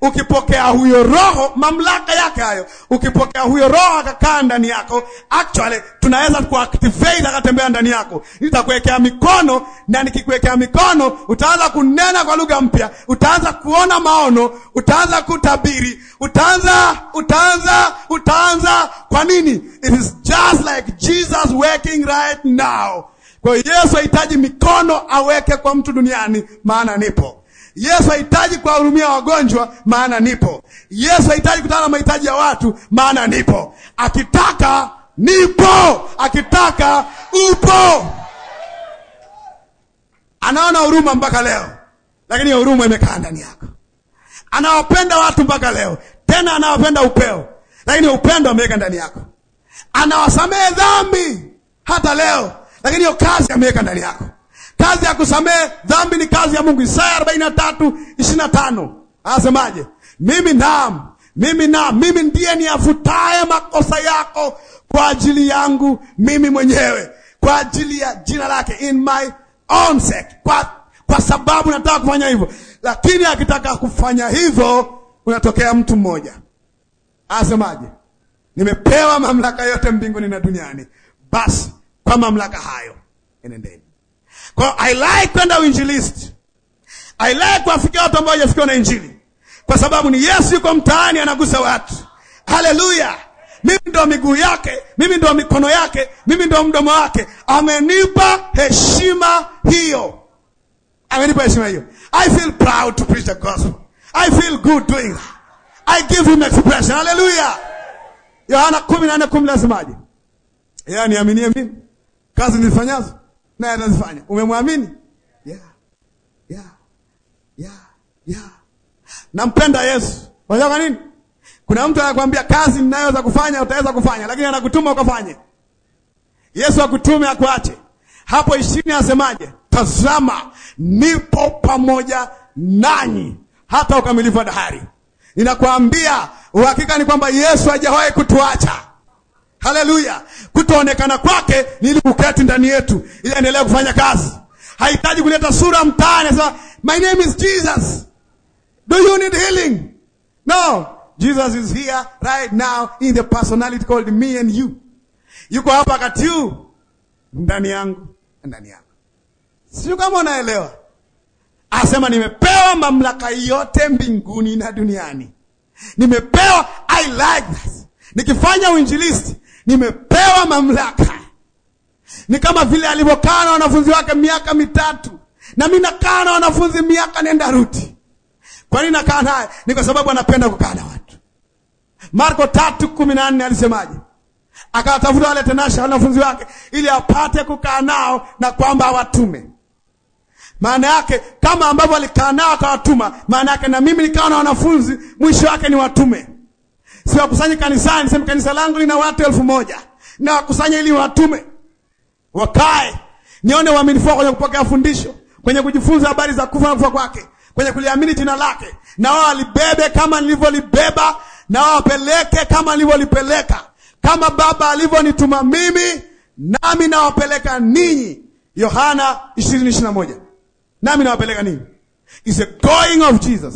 Ukipokea huyo roho, mamlaka yake hayo, ukipokea huyo roho akakaa ndani yako, actually tunaweza kuactivate akatembea ndani yako. Nitakuwekea mikono, na nikikuwekea mikono utaanza kunena kwa lugha mpya, utaanza kuona maono, utaanza kutabiri, utaanza utaanza utaanza. Kwa nini? It is just like Jesus working right now. Kwa hiyo Yesu hahitaji mikono aweke kwa mtu duniani, maana nipo Yesu hahitaji kuwahurumia wagonjwa, maana nipo. Yesu hahitaji kutana na mahitaji ya watu, maana nipo. Akitaka nipo, akitaka upo. Anaona huruma mpaka leo, lakini hiyo huruma imekaa ndani yako. Anawapenda watu mpaka leo, tena anawapenda upeo, lakini upendo ameweka ndani yako. Anawasamehe dhambi hata leo, lakini hiyo kazi ameweka ndani yako. Kazi ya kusamehe dhambi ni kazi ya Mungu. Isaya 43:25. anasemaje? Mimi naam, mimi naam, mimi ndiye niyafutaye makosa yako kwa ajili yangu mimi mwenyewe, kwa ajili ya jina lake, in my own sake, kwa, kwa sababu nataka kufanya hivyo. Lakini akitaka kufanya hivyo, unatokea mtu mmoja anasemaje? Nimepewa mamlaka yote mbinguni na duniani, basi kwa mamlaka hayo enendeni kwa I like kwenda uinjilist. I like kuwafikia watu ambao hawajafikiwa na injili, kwa sababu ni Yesu yuko mtaani anagusa watu. Haleluya! Mimi ndo miguu yake, mimi ndo mikono yake, mimi ndo mdomo wake. Amenipa heshima hiyo, amenipa heshima hiyo. I feel proud to preach the gospel. I feel good doing it. I give him expression. Haleluya! Yohana kumi na nne kumi nasemaje? Yeye aniaminie mimi, kazi nizifanyazo naye anazifanya. Umemwamini? yeah. yeah. yeah. yeah. Nampenda Yesu. Unajua kwa nini? Kuna mtu anakuambia kazi ninayoweza kufanya utaweza kufanya, lakini anakutuma ukafanye. Yesu akutume akuache. Hapo ishirini asemaje Tazama, nipo pamoja nanyi hata ukamilifu wa dahari. Ninakwambia uhakika ni kwamba Yesu hajawahi kutuacha. Haleluya! Kutoonekana kwake ni ili kuketi ndani yetu, ili aendelee kufanya kazi. Hahitaji kuleta sura mtaani, sema my name is Jesus, do you need healing? No, Jesus is here right now in the personality called me and you. Yuko hapa kati huu, ndani yangu, ndani yangu. Sio kama unaelewa. Asema nimepewa mamlaka yote mbinguni na duniani, nimepewa. I like that. Nikifanya uinjilisti nimepewa mamlaka. Ni kama vile alivyokaa na wanafunzi wake miaka mitatu, na mimi nakaa na wanafunzi miaka nenda rudi. Kwa nini nakaa naye? Ni kwa sababu anapenda kukaa na watu. Marko tatu kumi na nne alisemaje? Akawatafuta wale tenasha wanafunzi wake ili apate kukaa nao na kwamba awatume. Maana yake kama ambavyo alikaa nao akawatuma, maana yake na mimi nikaa na wanafunzi, mwisho wake ni watume siwakusanye kanisani, sema kanisa langu lina watu elfu moja na wakusanye ili watume wakae, nione uaminifu kwenye kupokea fundisho, kwenye kujifunza habari za kufa na kufa kwake, kwenye kuliamini jina lake, na wao walibebe kama nilivyolibeba, na wao wapeleke kama nilivyolipeleka, kama Baba alivyonituma mimi, nami nawapeleka ninyi. Yohana 20:21. Nami nawapeleka ninyi. Is a going of Jesus.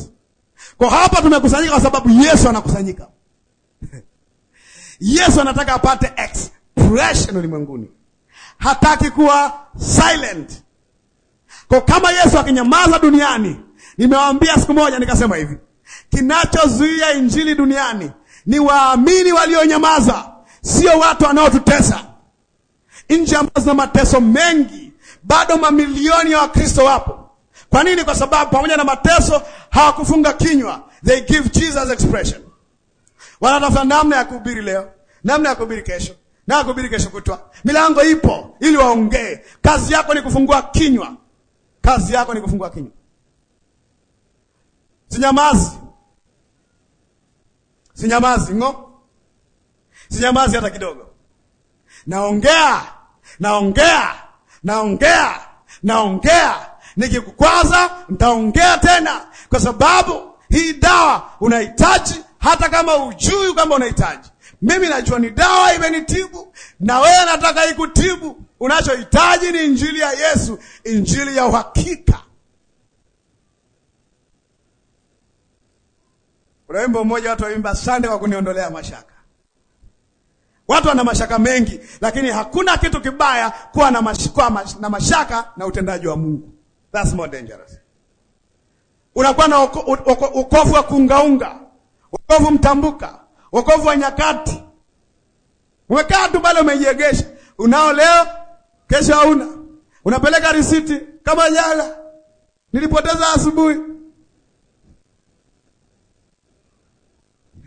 Kwa hapa tumekusanyika kwa sababu Yesu anakusanyika. Yesu anataka apate expression ulimwenguni, hataki kuwa silent. Kwa kama Yesu akinyamaza duniani, nimewaambia siku moja nikasema hivi, kinachozuia injili duniani ni waamini walionyamaza, sio watu wanaotutesa. Nchi ambazo zina mateso mengi, bado mamilioni ya Wakristo wapo. Kwa nini? Kwa sababu pamoja na mateso hawakufunga kinywa, they give Jesus expression wanatafuta namna ya kuhubiri leo, namna ya kuhubiri kesho, na ya kuhubiri kesho kutwa. Milango ipo ili waongee. Kazi yako ni kufungua kinywa, kazi yako ni kufungua kinywa. Sinyamazi, sinyamazi ngo, sinyamazi hata kidogo. Naongea, naongea, naongea, naongea. Nikikukwaza ntaongea tena, kwa sababu hii dawa unahitaji hata kama ujui kwamba unahitaji. Mimi najua ni dawa imenitibu, na wewe nataka ikutibu. Unachohitaji ni injili ya Yesu, injili ya uhakika. Kuna wimbo mmoja watu waimba, asante kwa kuniondolea mashaka. Watu wana mashaka mengi, lakini hakuna kitu kibaya kuwa na mashaka na, mashaka na utendaji wa Mungu. That's more dangerous. Unakuwa na ukovu wa kungaunga wokovu mtambuka, wokovu wa nyakati. Umekaa tu pale umejiegesha, unao leo, kesho hauna. Unapeleka risiti kama jana, nilipoteza asubuhi.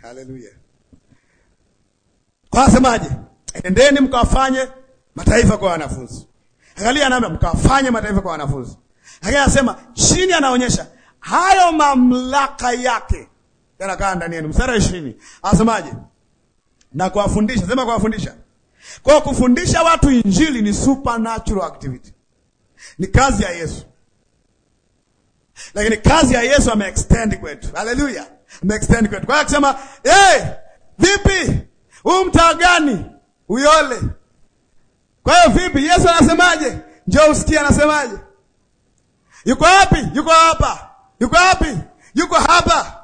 Haleluya! Kwa semaje? Endeni mkawafanye mataifa kwa wanafunzi. Angalia, anaambia mkawafanye mataifa kwa wanafunzi, lakini anasema chini, anaonyesha hayo mamlaka yake kaa ndani yenu. Mstari wa ishirini anasemaje? Na kuwafundisha, sema kuwafundisha. Kwa kufundisha watu injili ni supernatural activity, ni kazi ya Yesu, lakini kazi ya Yesu ameextend kwetu. Haleluya, ameextend kwetu. Kwa hiyo akisema hey, vipi huu mtaa gani uyole? Kwa hiyo vipi, Yesu anasemaje? Njoo usikie, anasemaje? Yuko wapi? Yuko hapa. Yuko wapi? Yuko hapa.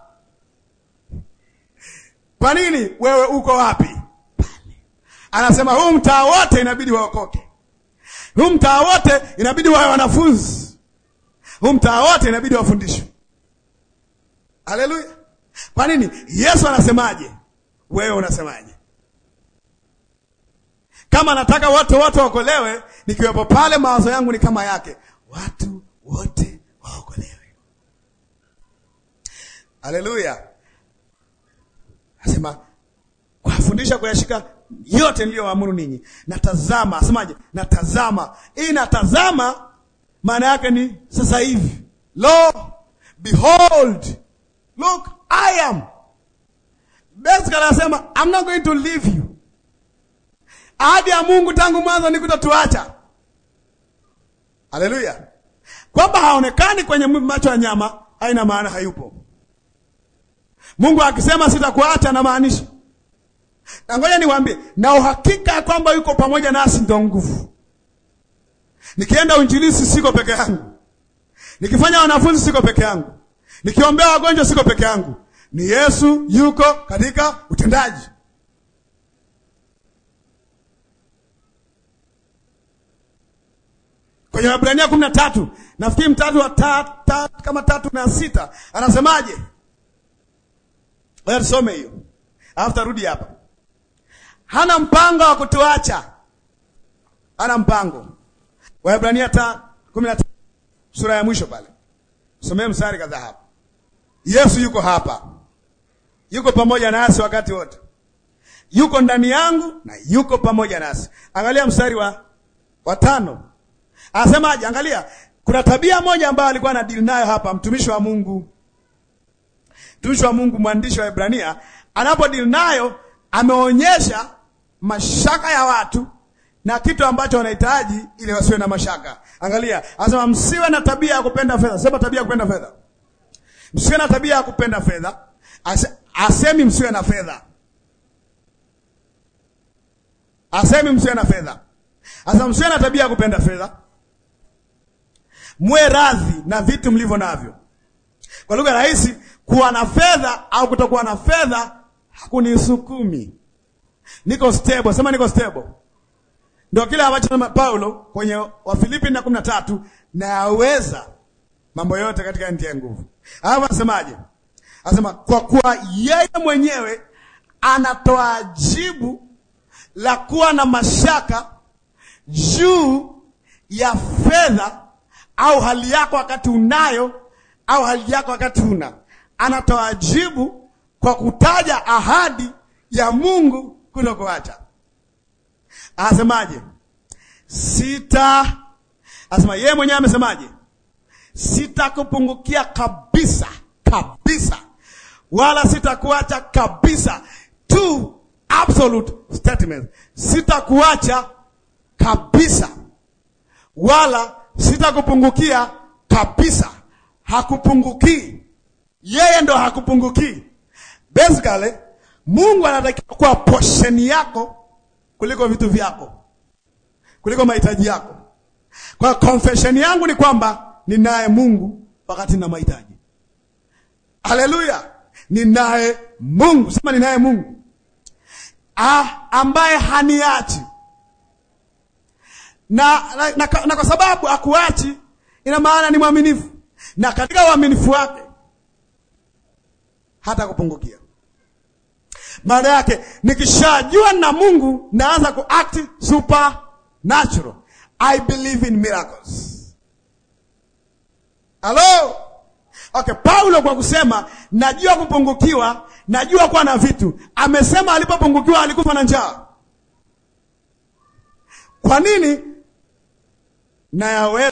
Kwa nini wewe uko wapi? Anasema huu mtaa wote inabidi waokoke, huu mtaa wote inabidi wawe wanafunzi, huu mtaa wote inabidi wafundishwe. Haleluya! Kwa nini? Yesu anasemaje? Wewe unasemaje? Kama nataka watu wote waokolewe, nikiwepo pale, mawazo yangu ni kama yake, watu wote waokolewe. Haleluya! Akasema kuwafundisha kuyashika yote niliyoamuru ninyi. Natazama, asemaje? Natazama. Hii natazama maana yake ni sasa hivi. Lo, behold. Look, I am. Basically anasema I'm not going to leave you. Ahadi ya Mungu tangu mwanzo ni kutotuacha. Haleluya. Kwamba haonekani kwenye macho ya nyama haina maana hayupo. Mungu akisema sitakuacha na maanisha. Na ngoja niwaambie, na uhakika ya kwamba yuko pamoja nasi ndio nguvu. Nikienda uinjilisi siko peke yangu. Nikifanya wanafunzi siko peke yangu. Nikiombea wagonjwa siko peke yangu. Ni Yesu yuko katika utendaji. Kwenye Waebrania 13, nafikiri mtatu wa ta, kama tatu na sita anasemaje? Wewe tusome hiyo. Alafu tarudi hapa. Hana mpango wa kutuacha. Hana mpango. Waebrania ta 10 sura ya mwisho pale. Somee mstari kadhaa hapa. Yesu yuko hapa. Yuko pamoja nasi wakati wote. Yuko ndani yangu na yuko pamoja nasi. Angalia mstari wa wa tano, Anasemaje? Angalia, kuna tabia moja ambayo alikuwa na anadili nayo hapa mtumishi wa Mungu mtumishi wa Mungu, mwandishi wa Ibrania, anapodili nayo ameonyesha mashaka ya watu na kitu ambacho wanahitaji ili wasiwe na mashaka. Angalia, anasema msiwe na tabia ya kupenda fedha. Sema tabia ya kupenda fedha, msiwe na tabia ya kupenda fedha. Asemi msiwe na fedha, asemi msiwe na fedha, asema msiwe na tabia ya kupenda fedha, muwe radhi na vitu mlivyo navyo. Kwa lugha rahisi, kuwa na fedha au kutokuwa na fedha hakunisukumi, niko stable. Sema niko stable, ndio kile ambacho Paulo kwenye Wafilipi na kumi na tatu, nayaweza mambo yote katika ya nguvu. Alafu anasemaje? Anasema kwa kuwa yeye mwenyewe anatoa jibu la kuwa na mashaka juu ya fedha au hali yako wakati unayo au hali yako wakati una anatoa jibu kwa kutaja ahadi ya Mungu kutokuacha. Anasemaje? Sita, asema yeye mwenyewe amesemaje? Sitakupungukia kabisa kabisa, wala sitakuacha kabisa. Two absolute statements, sitakuacha kabisa wala sitakupungukia kabisa. Hakupungukii yeye ndo hakupungukii. Basically, Mungu anatakiwa kuwa posheni yako kuliko vitu vyako, kuliko mahitaji yako. Kwa confession yangu ni kwamba ninaye Mungu wakati na mahitaji. Haleluya, ninaye Mungu. Sema ninaye Mungu ah, ambaye haniachi na, na, na, na kwa sababu akuachi, ina maana ni mwaminifu, na katika uaminifu wake hata kupungukia. Maana yake nikishajua na Mungu naanza kuact supernatural. I believe in miracles. Hello? Okay, Paulo kwa kusema najua kupungukiwa, najua kuwa na vitu, amesema alipopungukiwa alikufa na njaa. Kwa nini? Nayaweza